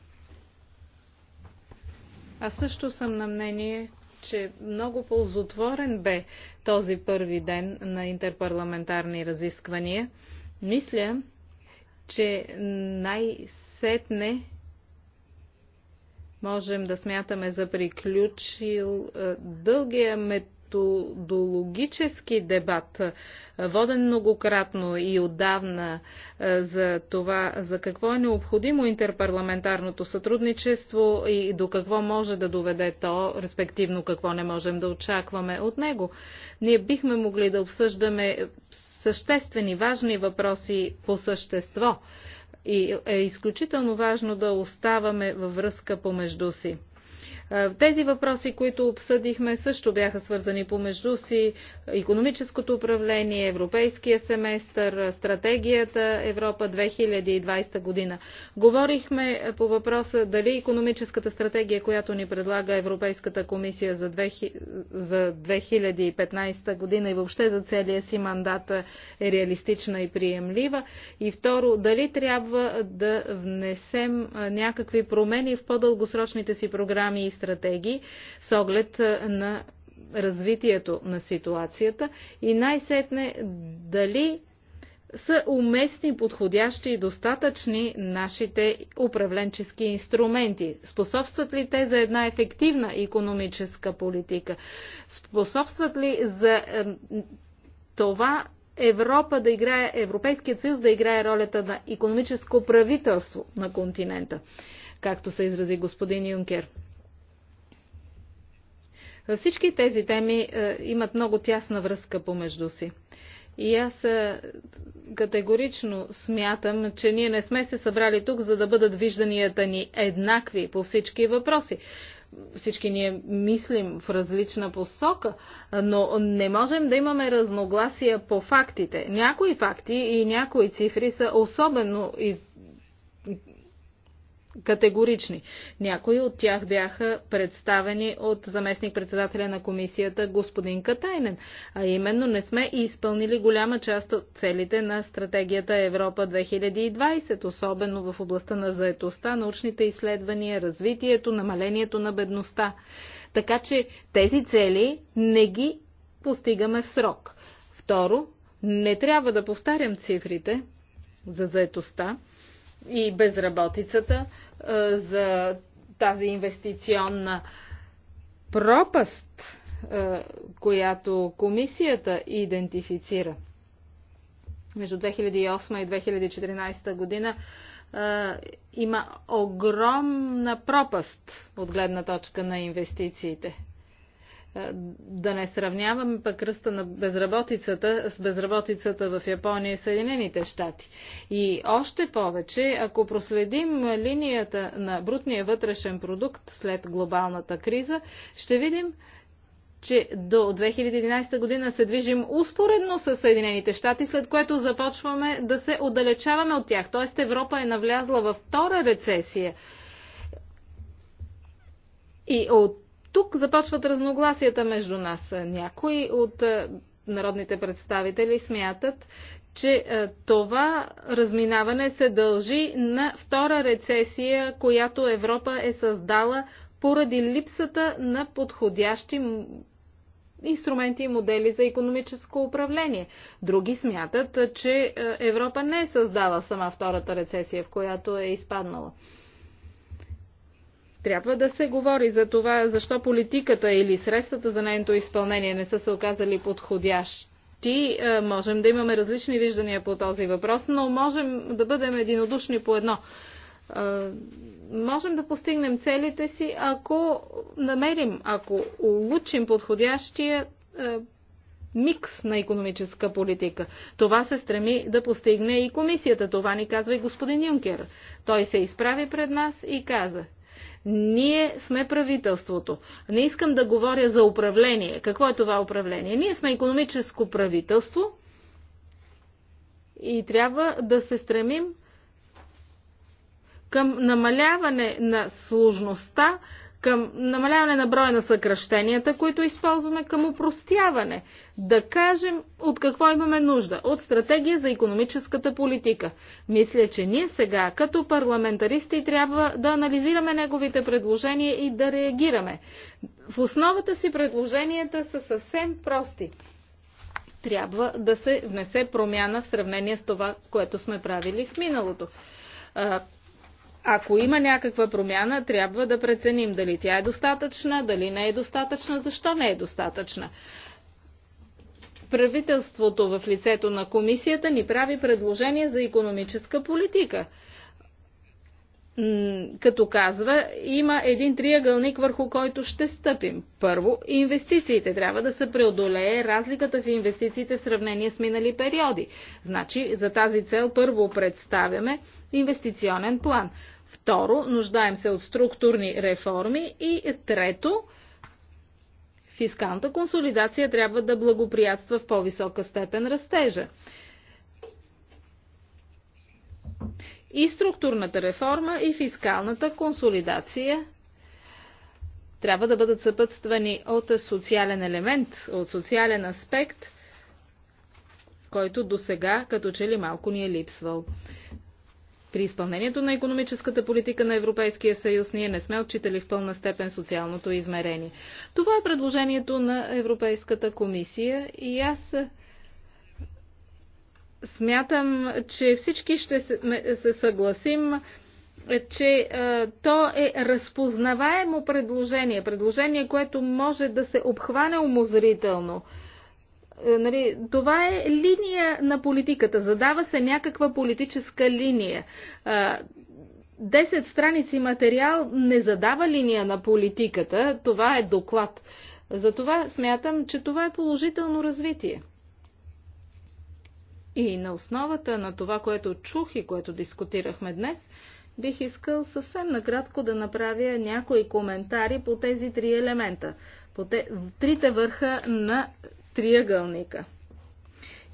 Аз също съм на мнение, че много ползотворен бе този първи ден на интерпарламентарни разисквания. Мисля, че най-сетне можем да смятаме за приключил е, дългия методологически дебат, е, воден многократно и отдавна е, за това за какво е необходимо интерпарламентарното сътрудничество и до какво може да доведе то, респективно какво не можем да очакваме от него. Ние бихме могли да обсъждаме съществени, важни въпроси по същество и е изключително важно да оставаме във връзка помежду си. Е, тези въпроси, които обсъдихме, също бяха свързани помежду си. Економическото управление, европейския семестър, стратегията Европа 2020 година. Говорихме по въпроса дали економическата стратегия, която ни предлага Европейската комисия за 2015 година и въобще за целия си мандат е реалистична и приемлива. И второ, дали трябва да внесем някакви промени в по-дългосрочните си програми и стратегии с оглед на развитието на ситуацията и най-сетне дали са уместни, подходящи и достатъчни нашите управленчески инструменти? Способстват ли те за една ефективна економическа политика? Способстват ли за е, това Европа да играе, Европейският съюз да играе ролята на економическо правителство на континента, както се изрази господин Юнкер? Всички тези теми е, имат много тясна връзка помежду си. И аз е, категорично смятам, че ние не сме се събрали тук, за да бъдат вижданията ни еднакви по всички въпроси. Всички ние мислим в различна посока, но не можем да имаме разногласия по фактите. Някои факти и някои цифри са особено из категорични. Някои от тях бяха представени от заместник-председателя на комисията господин Катайнен, а именно не сме изпълнили голяма част от целите на стратегията Европа 2020, особено в областта на заетостта, научните изследвания, развитието, намалението на бедността. Така че тези цели не ги постигаме в срок. Второ, не трябва да повтарям цифрите за заетостта, и безработицата, за тази инвестиционна пропаст, която комисията идентифицира. Между 2008 и 2014 година има огромна пропаст от гледна точка на инвестициите. Е, да не сравняваме пък ръста на безработицата с безработицата в Япония и Съединените щати. И още повече, ако проследим линията на брутния вътрешен продукт след глобалната криза, ще видим, че до 2011 година се движим успоредно с Съединените щати, след което започваме да се отдалечаваме от тях. Тоест Европа е навлязла във втора рецесия. И от тук започват разногласията между нас. Някои от е, народните представители смятат, че е, това разминаване се дължи на втора рецесия, която Европа е създала поради липсата на подходящи инструменти и модели за економическо управление. Други смятат, че е, Европа не е създала сама втората рецесия, в която е изпаднала. Трябва да се говори за това, защо политиката или средствата за нейното изпълнение не са се оказали подходящи ти е, можем да имаме различни виждания по този въпрос, но можем да бъдем единодушни по едно. Е, можем да постигнем целите си, ако намерим, ако улучим подходящия е, микс на економическа политика. Това се стреми да постигне и комисията. Това ни казва и господин Юнкер. Той се изправи пред нас и каза, ние сме правителството. Не искам да говоря за управление. Какво е това управление? Ние сме економическо правителство и трябва да се стремим към намаляване на сложността към намаляване на броя на съкръщенията, които използваме към упростяване. Да кажем от какво имаме нужда. От стратегия за економическата политика. Мисля, че ние сега, като парламентаристи, трябва да анализираме неговите предложения и да реагираме. В основата си предложенията са съвсем прости. Трябва да се внесе промяна в сравнение с това, което сме правили в миналото ако има някаква промяна, трябва да преценим дали тя е достатъчна, дали не е достатъчна, защо не е достатъчна. Правителството в лицето на комисията ни прави предложение за економическа политика – като казва, има един триъгълник върху който ще стъпим. Първо, инвестициите. Трябва да се преодолее разликата в инвестициите в сравнение с минали периоди. Значи, за тази цел първо представяме инвестиционен план. Второ, нуждаем се от структурни реформи. И трето, фискалната консолидация трябва да благоприятства в по-висока степен растежа. и структурната реформа и фискалната консолидация трябва да бъдат съпътствани от социален елемент, от социален аспект, който до сега като че ли малко ни е липсвал. При изпълнението на економическата политика на Европейския съюз ние не сме отчитали в пълна степен социалното измерение. Това е предложението на Европейската комисия и аз Смятам, че всички ще се съгласим, че то е разпознаваемо предложение, предложение, което може да се обхване умозрително. Е, нали, това е линия на политиката. Задава се някаква политическа линия. Десет страници материал не задава линия на политиката. Това е доклад. Затова смятам, че това е положително развитие. И на основата на това, което чух и което дискутирахме днес, бих искал съвсем накратко да направя някои коментари по тези три елемента, по те, трите върха на триъгълника.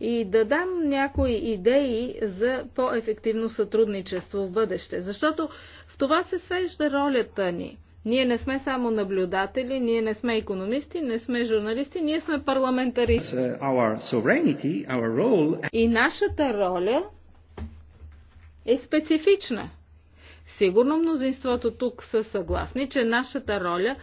И да дам някои идеи за по-ефективно сътрудничество в бъдеще, защото в това се свежда ролята ни – ние не сме само наблюдатели, ние не сме економисти, не сме журналисти, ние сме парламентаристи. И нашата роля е специфична. Сигурно мнозинството тук са съгласни, че нашата роля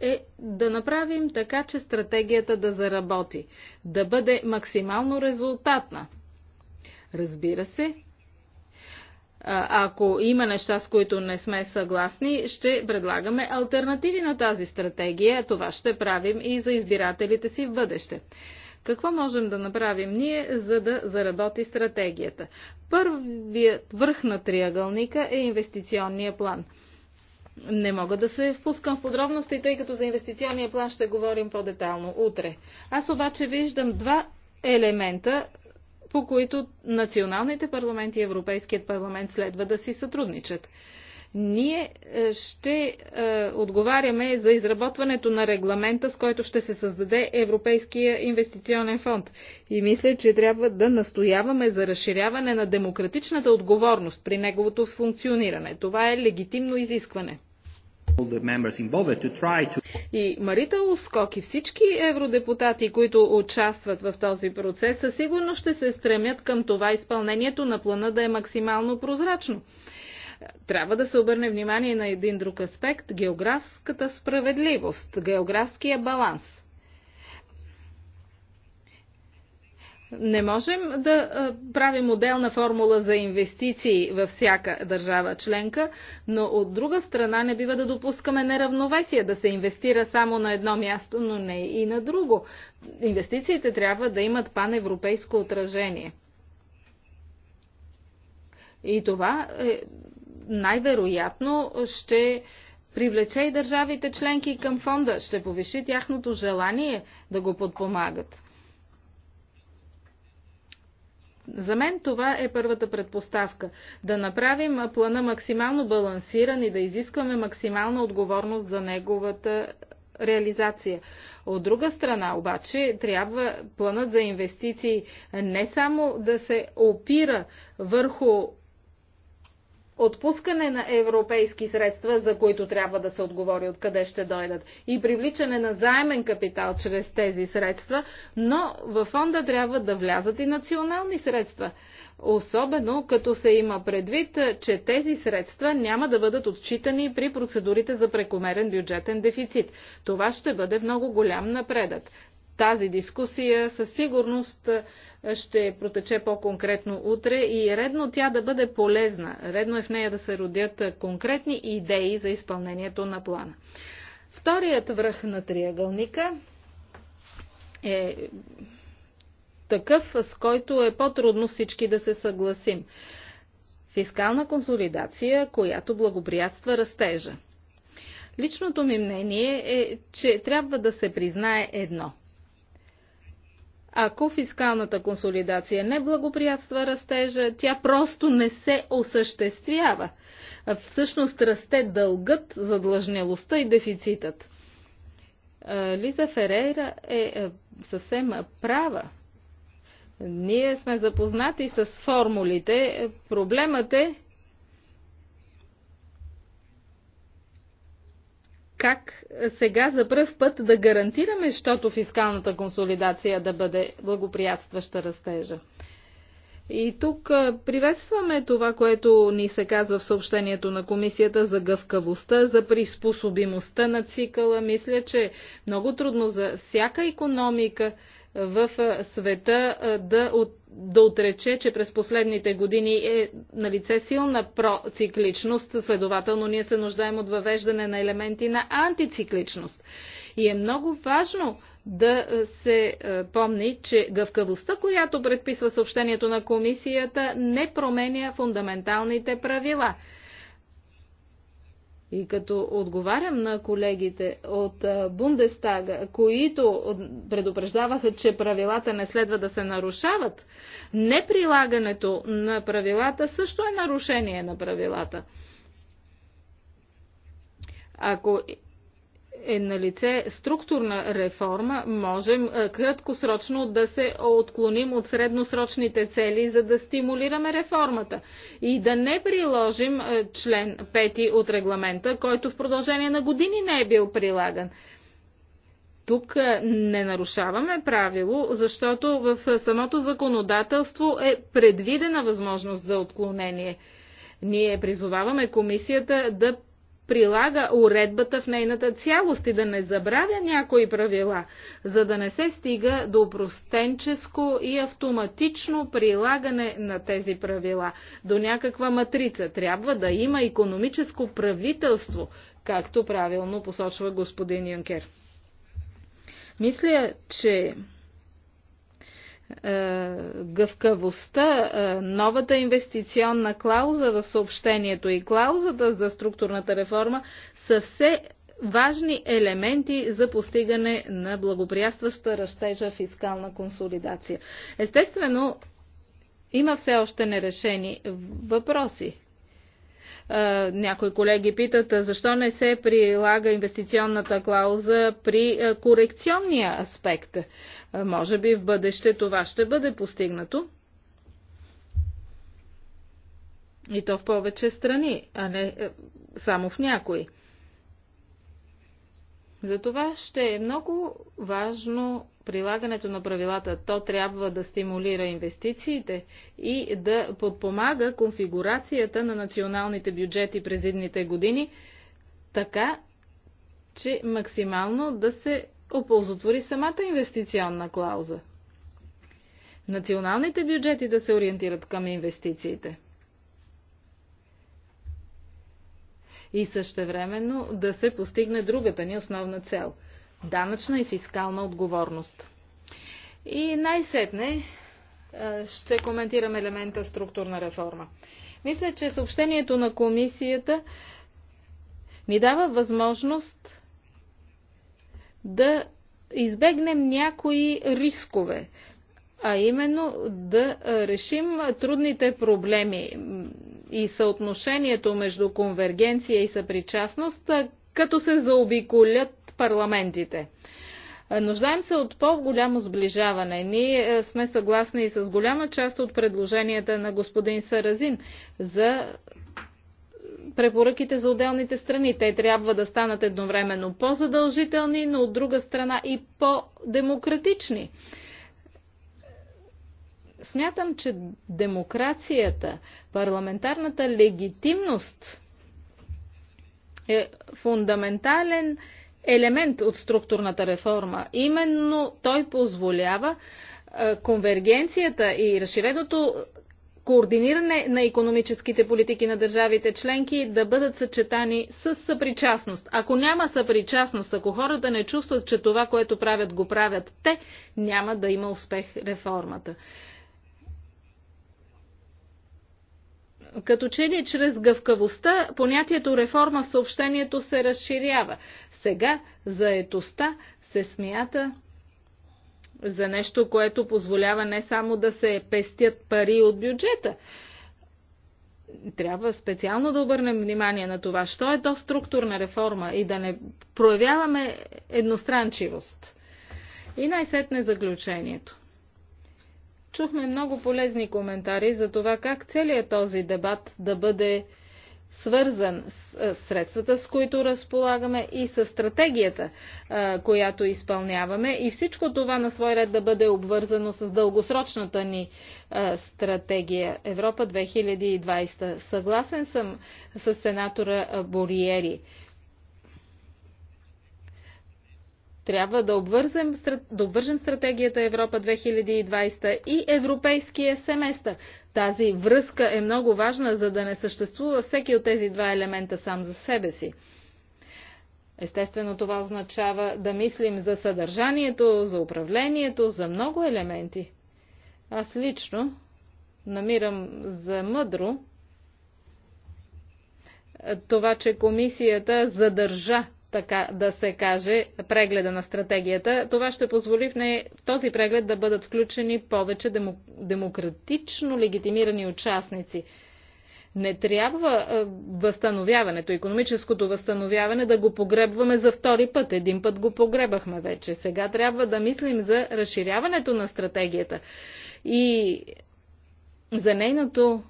е да направим така, че стратегията да заработи, да бъде максимално резултатна. Разбира се, ако има неща, с които не сме съгласни, ще предлагаме альтернативи на тази стратегия. Това ще правим и за избирателите си в бъдеще. Какво можем да направим ние, за да заработи стратегията? Първият върх на триъгълника е инвестиционния план. Не мога да се впускам в подробности, тъй като за инвестиционния план ще говорим по-детално утре. Аз обаче виждам два елемента, по които националните парламенти и Европейският парламент следва да си сътрудничат. Ние е, ще е, отговаряме за изработването на регламента, с който ще се създаде Европейския инвестиционен фонд. И мисля, че трябва да настояваме за разширяване на демократичната отговорност при неговото функциониране. Това е легитимно изискване. И Марита Ускок и всички евродепутати, които участват в този процес, със сигурност ще се стремят към това изпълнението на плана да е максимално прозрачно. Трябва да се обърне внимание на един друг аспект – географската справедливост, географския баланс. Не можем да правим отделна формула за инвестиции във всяка държава членка, но от друга страна не бива да допускаме неравновесие, да се инвестира само на едно място, но не и на друго. Инвестициите трябва да имат паневропейско отражение. И това е, най-вероятно ще привлече и държавите членки към фонда, ще повиши тяхното желание да го подпомагат. За мен това е първата предпоставка. Да направим плана максимално балансиран и да изискваме максимална отговорност за неговата реализация. От друга страна, обаче, трябва планът за инвестиции не само да се опира върху отпускане на европейски средства, за които трябва да се отговори откъде ще дойдат, и привличане на заемен капитал чрез тези средства, но във фонда трябва да влязат и национални средства. Особено като се има предвид, че тези средства няма да бъдат отчитани при процедурите за прекомерен бюджетен дефицит. Това ще бъде много голям напредък тази дискусия със сигурност ще протече по-конкретно утре и е редно тя да бъде полезна. Редно е в нея да се родят конкретни идеи за изпълнението на плана. Вторият връх на триъгълника е такъв, с който е по-трудно всички да се съгласим. Фискална консолидация, която благоприятства растежа. Личното ми мнение е, че трябва да се признае едно. Ако фискалната консолидация не благоприятства растежа, тя просто не се осъществява. Всъщност расте дългът, задлъжнялостта и дефицитът. Лиза Ферейра е, е съвсем права. Ние сме запознати с формулите. Проблемът е, как е, сега за първ път да гарантираме, защото фискалната консолидация да бъде благоприятстваща растежа. И тук е, приветстваме това, което ни се казва в съобщението на комисията за гъвкавостта, за приспособимостта на цикъла. Мисля, че е много трудно за всяка економика в света да, от, да отрече, че през последните години е на лице силна процикличност, следователно ние се нуждаем от въвеждане на елементи на антицикличност. И е много важно да се помни, че гъвкавостта, която предписва съобщението на комисията, не променя фундаменталните правила. И като отговарям на колегите от Бундестага, които предупреждаваха, че правилата не следва да се нарушават, неприлагането на правилата също е нарушение на правилата. Ако е на лице структурна реформа, можем е, краткосрочно да се отклоним от средносрочните цели, за да стимулираме реформата и да не приложим е, член 5 от регламента, който в продължение на години не е бил прилаган. Тук е, не нарушаваме правило, защото в самото законодателство е предвидена възможност за отклонение. Ние призоваваме комисията да прилага уредбата в нейната цялост и да не забравя някои правила, за да не се стига до простенческо и автоматично прилагане на тези правила, до някаква матрица. Трябва да има економическо правителство, както правилно посочва господин Юнкер. Мисля, че е, гъвкавостта, е, новата инвестиционна клауза в съобщението и клаузата за структурната реформа са все важни елементи за постигане на благоприятстваща растежа фискална консолидация. Естествено, има все още нерешени въпроси. Е, някои колеги питат защо не се прилага инвестиционната клауза при корекционния аспект. Може би в бъдеще това ще бъде постигнато. И то в повече страни, а не е, само в някои. Затова ще е много важно прилагането на правилата. То трябва да стимулира инвестициите и да подпомага конфигурацията на националните бюджети през едните години, така че максимално да се оползотвори самата инвестиционна клауза. Националните бюджети да се ориентират към инвестициите. И същевременно да се постигне другата ни основна цел – данъчна и фискална отговорност. И най-сетне е, ще коментирам елемента структурна реформа. Мисля, че съобщението на комисията ни дава възможност да избегнем някои рискове, а именно да решим трудните проблеми и съотношението между конвергенция и съпричастност, като се заобиколят парламентите. Нуждаем се от по-голямо сближаване. Ние сме съгласни и с голяма част от предложенията на господин Саразин за препоръките за отделните страни. Те трябва да станат едновременно по-задължителни, но от друга страна и по-демократични. Смятам, че демокрацията, парламентарната легитимност е фундаментален елемент от структурната реформа. Именно той позволява конвергенцията и разширеното координиране на економическите политики на държавите членки да бъдат съчетани с съпричастност. Ако няма съпричастност, ако хората не чувстват, че това, което правят, го правят те, няма да има успех реформата. Като че ли чрез гъвкавостта понятието реформа в съобщението се разширява. Сега заетостта се смята за нещо, което позволява не само да се пестят пари от бюджета. Трябва специално да обърнем внимание на това, що е то структурна реформа и да не проявяваме едностранчивост. И най-сетне заключението. Чухме много полезни коментари за това как целият този дебат да бъде свързан с средствата, с които разполагаме и с стратегията, която изпълняваме. И всичко това на свой ред да бъде обвързано с дългосрочната ни стратегия Европа 2020. Съгласен съм с сенатора Бориери. Трябва да обвържем, да обвържем стратегията Европа 2020 и европейския семестър. Тази връзка е много важна, за да не съществува всеки от тези два елемента сам за себе си. Естествено, това означава да мислим за съдържанието, за управлението, за много елементи. Аз лично намирам за мъдро това, че комисията задържа така да се каже, прегледа на стратегията. Това ще позволи в не, този преглед да бъдат включени повече демократично легитимирани участници. Не трябва възстановяването, економическото възстановяване да го погребваме за втори път. Един път го погребахме вече. Сега трябва да мислим за разширяването на стратегията и за нейното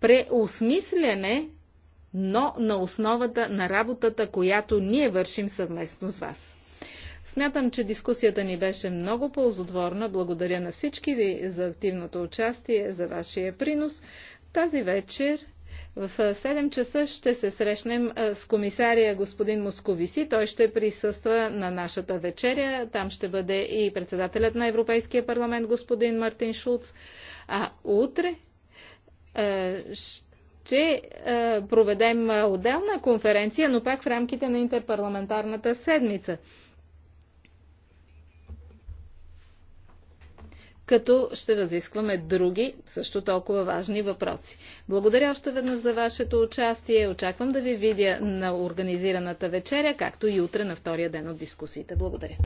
преосмислене но на основата на работата, която ние вършим съвместно с вас. Смятам, че дискусията ни беше много ползотворна. Благодаря на всички ви за активното участие, за вашия принос. Тази вечер в 7 часа ще се срещнем с комисария господин Московиси. Той ще присъства на нашата вечеря. Там ще бъде и председателят на Европейския парламент господин Мартин Шулц. А утре ще ще е, проведем е, отделна конференция, но пак в рамките на интерпарламентарната седмица. като ще разискваме други, също толкова важни въпроси. Благодаря още веднъж за вашето участие. Очаквам да ви видя на организираната вечеря, както и утре на втория ден от дискусиите. Благодаря.